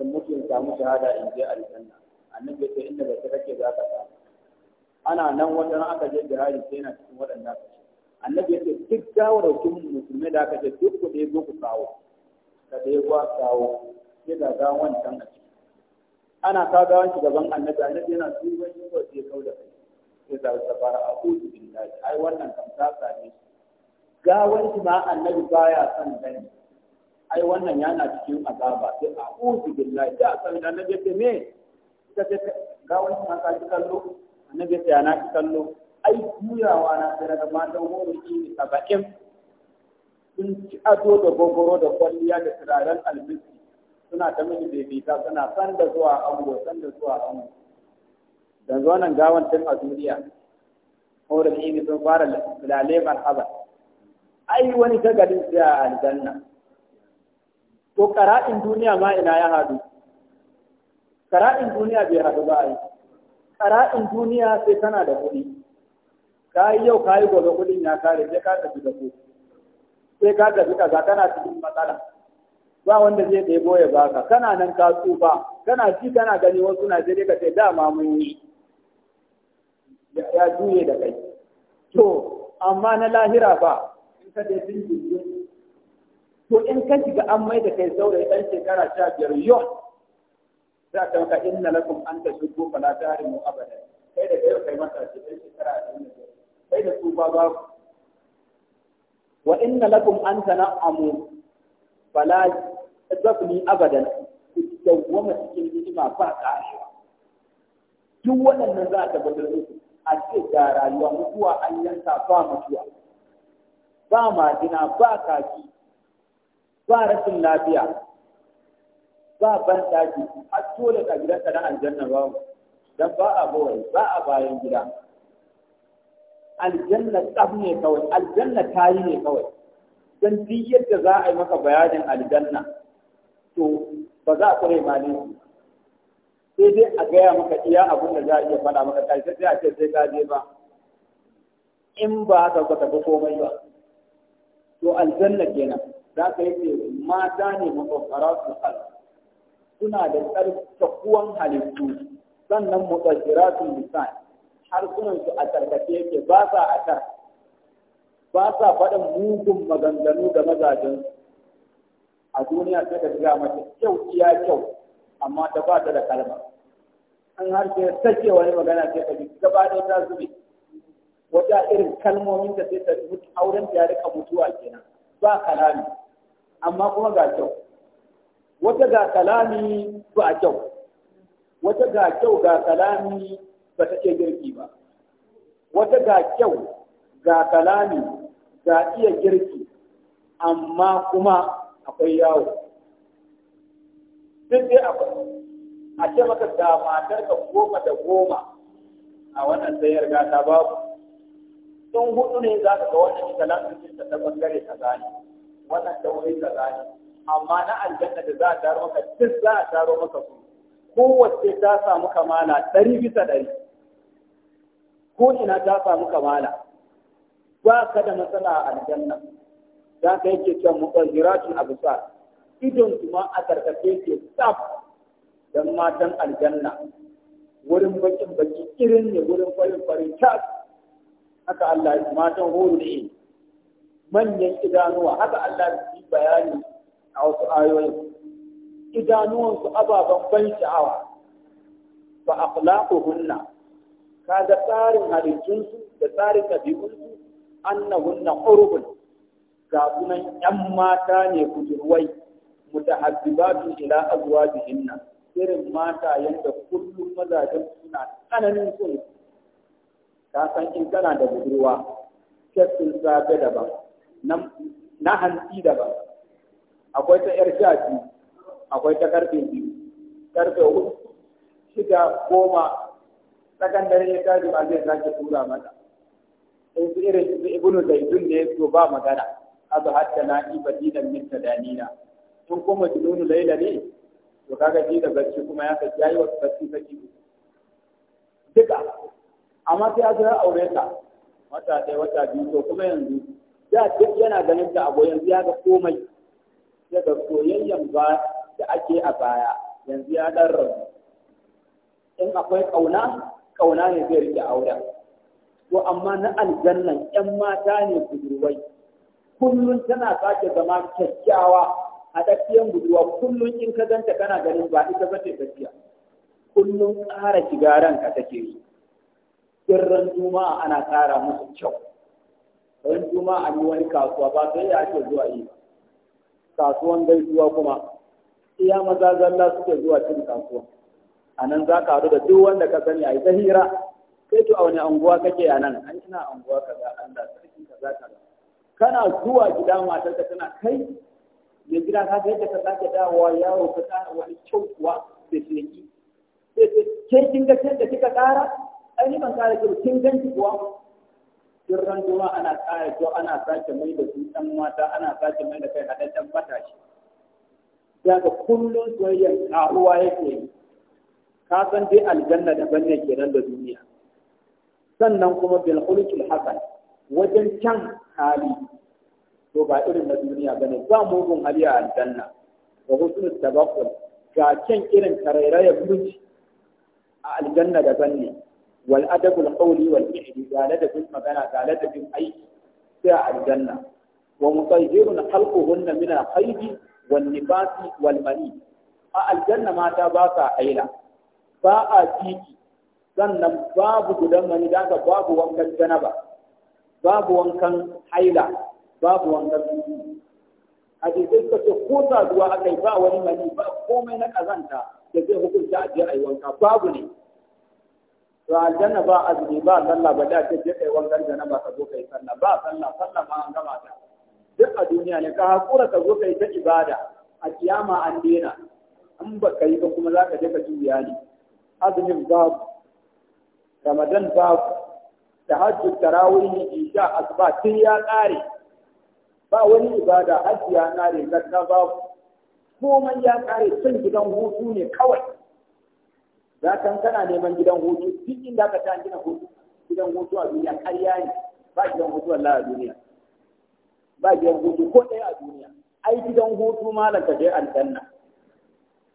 in mutu in samu shahada in je aljanna annabi ya ce inda ba ka kake za ka samu ana nan wajen aka je jihari sai na cikin waɗanda aka ce annabi yake duk gawarwakin musulmai da aka ce duk ku dai zo ku kawo ka dai gwa kawo sai ga gawan can a ciki ana ka gawan shi gaban annabi annabi yana duban shi ko sai kau da kai sai da ta fara a kudu bin daji ai wannan kam ta same shi gawan shi ma annabi baya son gani ai wannan yana cikin azaba sai a kudu bin daji da san annabi yace me ta ce gawan shi ma ka kallo annabi yace ana kallo ai turawa na tare da matan horo su saba'in sun ci ado da gogoro da kwalliya da turaren albisi suna ta mini bebita suna san da zuwa ango san da zuwa ango da nan gawan tun a duniya horo su sun fara lalai marhaba ai wani shagalin sai a aljanna ko kara'in duniya ma ina ya hadu kara'in duniya bai hadu ba yi kara'in duniya sai tana da kuɗi ka yi yau ka yi gobe kudin ya kare sai ka tafi da ku sai ka tafi kaza kana cikin matsala ba wanda zai ɗebo ya baka kana nan ka tsufa kana ci kana gani wasu na sai ka ce dama mun yi ya juye da kai to amma na lahira ba in ka dai sun jirgin to in ka shiga an mai da kai saurayi ɗan shekara sha biyar yon za ka ka inna lakum an ta shugo fala tarimu abada kai da kai kai masa ce ɗan shekara a duniya sai da su ba babu wa inna lakum an amu fala tazafni abadan ku dawwama cikin hikima ba ƙarewa duk waɗannan za a tabbatar su a ce ga rayuwa mutuwa an yanka ba mutuwa ba majina ba kaki ba rashin lafiya ba ban daji har dole ka gidanka na aljanna babu dan ba a bawai ba a bayan gida aljanna tsab ne kawai aljanna tayi ne kawai dan duk yadda za a yi maka bayanin aljanna to ba za a kure malin sai dai a gaya maka iya abin da za a iya faɗa maka ƙarshe sai a ce sai ka je ba in ba haka ka tafi komai ba to aljanna kenan za ka yi ce mata ne makwafara su hal suna da tsarkakuwan halittu sannan mutsajiratun misali. harsunansu a tarkace yake ba sa a tar ba sa faɗin mugun maganganu da mazajen a duniya sai ga ga mace kyau iya kyau amma ta ba ta da kalma an harshe sake wani magana sai ka ji gaba da ta zube wata irin kalmomin da sai ta mutu auren ta ya rika mutuwa kenan ba kalami amma kuma ga kyau wata ga kalami ba kyau wata ga kyau ga kalami ba ta ce girki ba wata ga kyau ga kalami ga iya girki amma kuma akwai yawo duk dai akwai a ce maka ga matar ka goma da goma a wannan sayar gata babu sun hudu ne za ka ga wannan ita lantarkin ta ta bangare ta ne wannan ta wuri ta ne amma na aljanna da za a taro maka duk za a taro maka su kowace ta samu kamala ɗari bisa ɗari ko ina ta samu kamala ba ka da matsala a aljanna za ka yake cewa mubaziratun abusar idon kuma a karkace ke tsaf don matan aljanna wurin bakin baki irin ne wurin farin farin tas haka Allah ya matan horo ne manyan idanuwa haka Allah ya yi bayani a wasu ayoyin idanuwansu ababen ban sha'awa fa aqlaquhunna kaga tsarin halittunsu da tsarin ɗabi'unsu annahunna urbun ga sunan ‘yan mata ne budurwai mutahabbibatu ila nan. irin mata yadda kullum mazajen suna tsananin sun? Ta san in tana da budurwa kestin safe daban na da daban akwai ta ‘yar sha akwai ta karfe biyu karfe hudu shiga goma tsakan dare ya tashi ba zai sake tura mata sai su irin su ibnu zaidun ne ya so ba magana azu hatta na iba dinan min tadanina in kuma jununu laila ne to kaga ji da bacci kuma ya kaji yayi wasu bacci saki duka amma sai azu ya aure ta wata sai wata biyu to kuma yanzu da duk yana ganin ta abu yanzu ya ga komai ya ga soyayyen ba da ake a baya yanzu ya ɗan rabu in akwai ƙauna kauna ne zai rike aure. to amma na aljannan 'yan mata ne budurwai kullum tana sake zama kyakkyawa haɗaɗɗiyan budurwa kullum in ka ganta kana ganin ba ita ba ce gaskiya kullum ƙara shiga ranka take yi ran juma'a ana ƙara musu kyau ran juma'a ne wani kasuwa ba sai ya ake zuwa yi kasuwan gaisuwa kuma iya maza zalla suke zuwa cin kasuwa a nan za ka haɗu da duk wanda ka sani a yi ta hira to a wani anguwa kake a nan an ina anguwa a Allah sarki za ka kana zuwa gida matarka tana kai ne gida ka ga yadda ka da dawowa yawo ka tsara wani kyau kuwa da tilaki sai kin ga da kika ƙara? ai ni ban tsara kyau kin ganki kuwa ran juma ana tsara kyau ana sake mai da su ɗan mata ana sake mai da kai haɗaɗɗen matashi. ga kullum soyayyar ƙaruwa yake yi. ka san dai aljanna daban ne kenan da duniya sannan kuma bil khuluqil hasan wajen can hali to ba irin na duniya bane ba mugun hali a aljanna wa husnul tabaqqul ga can irin karairayar mulki a aljanna daban ne wal adabul qawli wal fi'li ga ladabin magana ga ladabin aiki sai a aljanna wa mutahhirun khalquhunna min al-khaybi wan nifasi wal mani a aljanna mata ba sa aila ba a titi sannan babu gudan mani da aka babu wankan janaba babu wankan haila babu wankan hadisai suka ce ko saduwa aka yi ba wani mani ba komai na kazanta da zai hukunta a je a yi wanka babu ne to aljanna ba azumi ba sallah ba da ta je kai wankan janaba ka zo kai sallah ba sallah sallah ma an gama ta duk a duniya ne ka hakura ka zo kai ta ibada a kiyama an dena an ba ka yi ba kuma za ka je ka juya ne azumin babu ramadan babu da hajji tarawih sha asuba tun ya ƙare ba wani ibada hajji ya ƙare zakka babu komai ya ƙare son gidan hutu ne kawai za kan kana neman gidan hutu duk inda ka ta gina hutu gidan hutu a duniya ƙarya ne ba gidan hutu wallahi a duniya ba gidan hutu ko ɗaya a duniya ai gidan hutu malam dai aljanna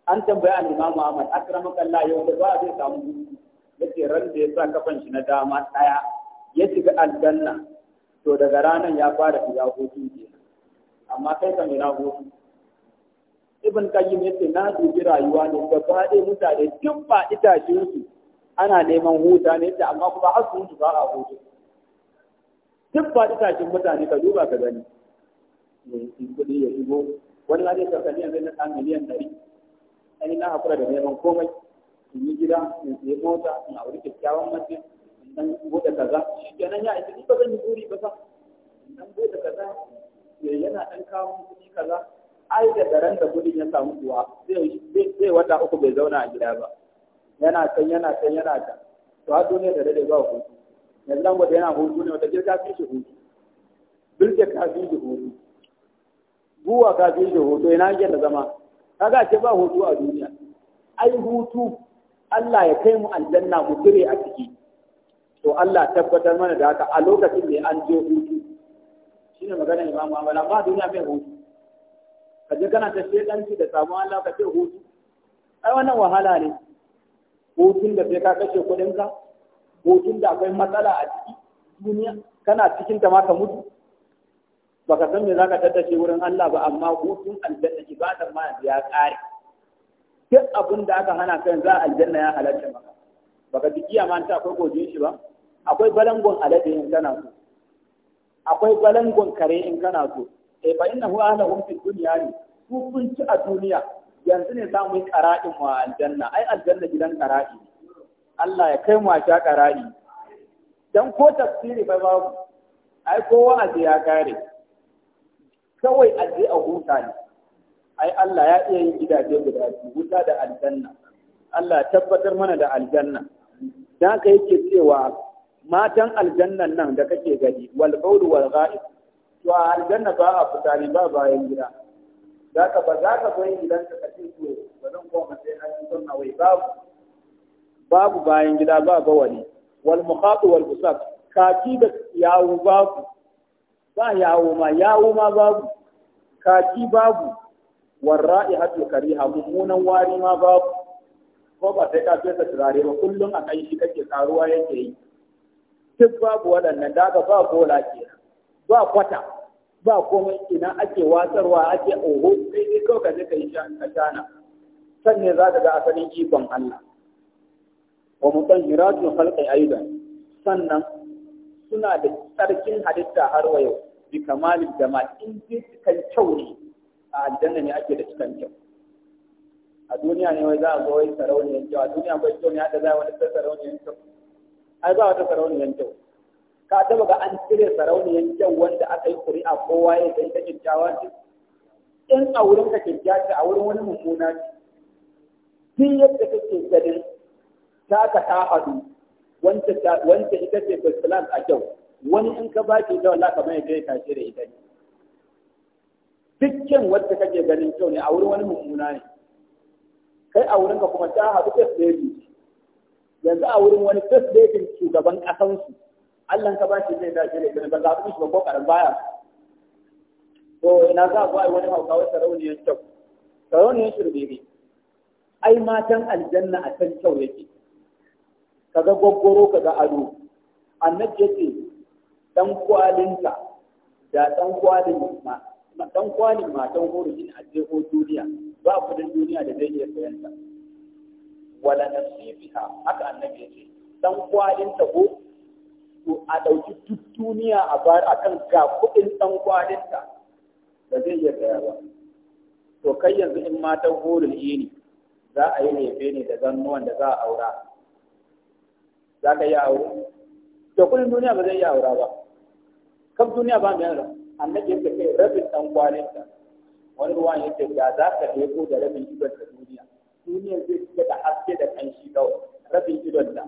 an tambaya al-Imam Ahmad akramaka Allah yau da ba zai samu yace ran da ya sa kafan shi na dama daya ya shiga aljanna to daga ranar ya fara shiga hutu ke amma kai ka na hutu ibn qayyim yace na dubi rayuwa ne gaba ɗaya mutane duk ba itacen su ana neman huta ne da amma kuma har su ba a hutu duk ba itacen mutane ka duba ka gani ne kuɗi ya shigo wani zai ka sani yanzu na miliyan ɗari sai na hakura da neman komai in yi gida in yi mota in auri kyakkyawan mace in dan bude kaza shi kenan ya aiki ba zan yi buri ba fa in dan bude kaza ya yana dan kawo kuɗi kaza ai da daren da kuɗin ya samu kuwa zai zai wata uku bai zauna a gida ba yana can yana can yana can to a duniya da dade ba hutu yanzu dan gwada yana hutu ne wata girka fi shi hutu birke ka fi shi hutu buwa ka fi shi hutu ina gina da zama kaga ce ba hutu a duniya ai hutu Allah ya kai mu aljanna mu dire a ciki to Allah tabbatar mana da haka a lokacin ne an je hutu shine magana Imam Ahmad amma duniya bai hutu kaje kana ta shedanci da samu Allah ka ce hutu ai wannan wahala ne hutun da sai ka kashe kuɗinka hutun da akwai matsala a ciki duniya kana cikin ta ma ka mutu baka san me zaka tattace wurin Allah ba amma hutun aljanna ibadar ma ya kare duk abin da aka hana kan za aljanna ya halarta maka baka ji kiyama ta akwai gojin shi ba akwai balangon alade in kana so akwai balangon kare in kana so eh fa innahu ahlahum fi dunya ne ku kun ci a duniya yanzu ne za mu yi qara'in wa aljanna ai aljanna gidan qara'i Allah ya kai mu a sha qara'i dan ko tafsiri ba babu ai kowa a ya kare kawai a a huta ne ai Allah ya iya yin gidaje guda biyu wuta da aljanna Allah tabbatar mana da aljanna dan ka yake cewa matan aljannan nan da kake gani wal bawl wal ghaib to a aljanna ba a fita ne ba bayan gida za ka ba za ka bayan gidan ka ce to ba zan koma sai an yi sunna wai babu babu bayan gida ba bawani wal mukhatu wal busaq kaki da yawo babu ba yawo ma yawo ma babu kaki babu warra'i hatul kariha mummunan wari ma babu ko ba sai ka fesa turare ba kullum a kai shi kake karuwa yake yi duk babu waɗannan daga ba bola ke ba kwata ba komai ina ake watsarwa ake oho sai dai kawai ka je ka yi shana sannan za ka ga asalin ikon Allah wa mutahhiratun khalqi aidan sannan suna da tsarkin halitta har wa yau bi kamalin jama'a in ji cikan kyau ne a aljanna ne ake da cikan kyau a duniya ne wai za a zo wai sarauniyar kyau a duniya bai kyau ne haka za a wani sarauniyar kyau ai ba wata sarauniyar kyau ka taba ga an cire sarauniyar kyau wanda aka yi kuri'a kowa ya sai ta kyakkyawa ce in a wurin ka kyakkyawa ce a wurin wani mummuna ce duk yadda kake ganin ta ka ta hadu wanda ita ce first a kyau wani in ka baki da wallahi kamar ya kai tashi da ita ne dukkan wanda kake ganin kyau ne a wurin wani mummuna ne kai a wurin ka kuma ta haɗu first lady yanzu a wurin wani first lady shugaban su Allah ka baki zai tashi da ita ba za ku shi ba ko karan baya to ina za ku ai wani hauka wata rauniyar kyau rauniyar shirbe ne ai matan aljanna a can kyau yake kaga gwaggwaro kaga ado annabi yake dan kwalinta da dan kwalin ma dan kwalin matan hurumin ajeho duniya ba kudin duniya da zai iya sayan ta wala nasibiha haka annabi ce dan kwalinta ko to a dauki duk duniya a bar akan ga kudin dan kwalinta da zai iya saya ba to kai yanzu in matan hurul ini za a yi lefe ne da zannuwan da za a aura za ka yi aure to kudin duniya ba zai yi aura ba kaf duniya ba mai ran annabi yake kai rabin dan kwalinta wani ruwan yake da za ka leko da rabin idon da duniya duniyar zai shiga da haske da kanshi kawai rabin idon da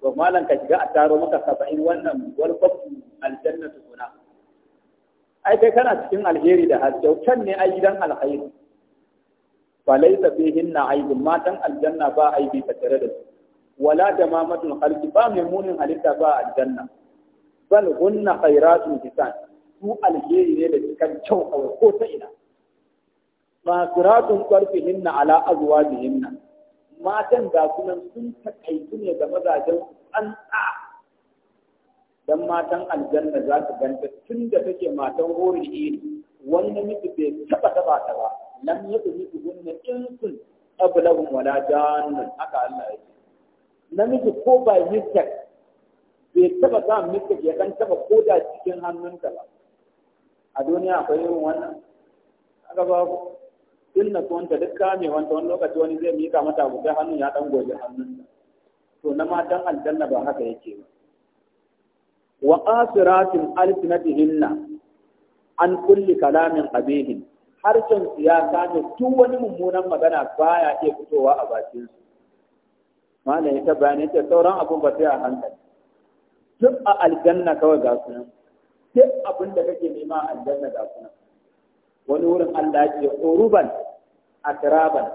to malam ka shiga a taro maka saba'in wannan wal kwafu aljanna tukuna ai kai kana cikin alheri da haske can ne ai gidan alheri falaita fihin na aibin matan aljanna ba aibi tattare da su wala da mamatun halitta ba mai munin halitta ba aljanna bal hunna khairatun hisan su alheri ne da cikan kyau kawai ko ta ina masiratun hinna ala azwajihinna matan ga sunan sun takaitu ne ga mazajen an tsa dan matan aljanna za su ganta tun da take matan horin iri wani namiji bai taba taba ta ba lam yadni gunna insun qablahum wala jannun haka Allah yake namiji ko ba yake bai taba sa miska ya kan taba koda cikin hannunka ba a duniya akwai irin wannan aka ba sunna wanda duk kame wanda wani lokaci wani zai mika mata abu sai hannun ya dan goge hannunka. to na matan aljanna ba haka yake ba wa asiratin alfinatihinna an kulli kalamin qabihin harshen su ya kame duk wani mummunan magana baya iya fitowa a bakin su malai ta bayanai ta sauran abun ba sai a hankali duk a aljanna kawai ga su nan duk abin da kake nema a aljanna ga su nan wani wurin Allah ke uruban atraban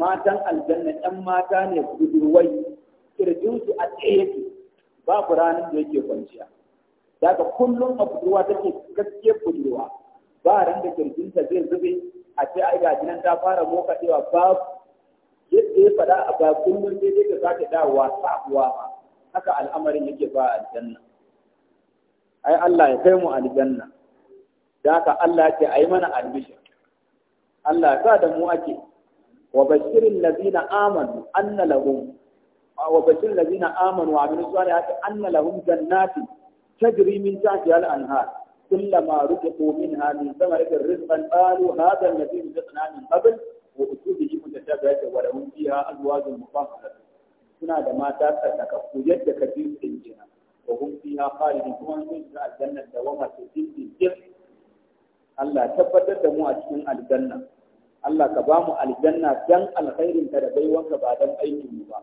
matan aljanna ɗan mata ne budurwai kirjinsu a tsaye babu ranar da yake kwanciya daga kullum a budurwa take gaske budurwa ba ran da kirjinta zai zube a ce ai ga jinan ta fara mokaɗewa babu yadda ya faɗa a ba kullum daidai dai ka sake dawowa sabuwa ma haka al'amarin yake ba aljanna ai Allah ya kai mu aljanna da haka Allah ya ai mana albishir Allah sa da mu ake wa bashirin ladina amanu anna lahum wa bashirin ladina amanu wa amilus salihati anna lahum jannatin tajri min tahtiha al-anhar كلما رزقوا منها من ثمرة رزقا قالوا هذا الذي رزقنا من قبل وأتوا به متشابهة ولهم فيها أزواج مطهرة suna da mata tsakakku yadda ka ji su jina wa hum fiha da kuma sun aljanna da wa masu dindin Allah tabbatar da mu a cikin aljanna Allah ka ba mu aljanna dan alkhairin ka da wanka ba dan aikin mu ba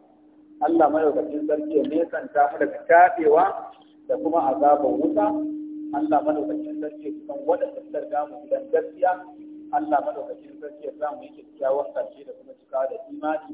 Allah madaukakin sarki ya nesanta mu daga tabewa da kuma azabar wuta Allah madaukakin sarki ya san waɗanda suka mu gidan gaskiya Allah madaukakin sarki ya samu yi kyakkyawan karshe da kuma cika da imani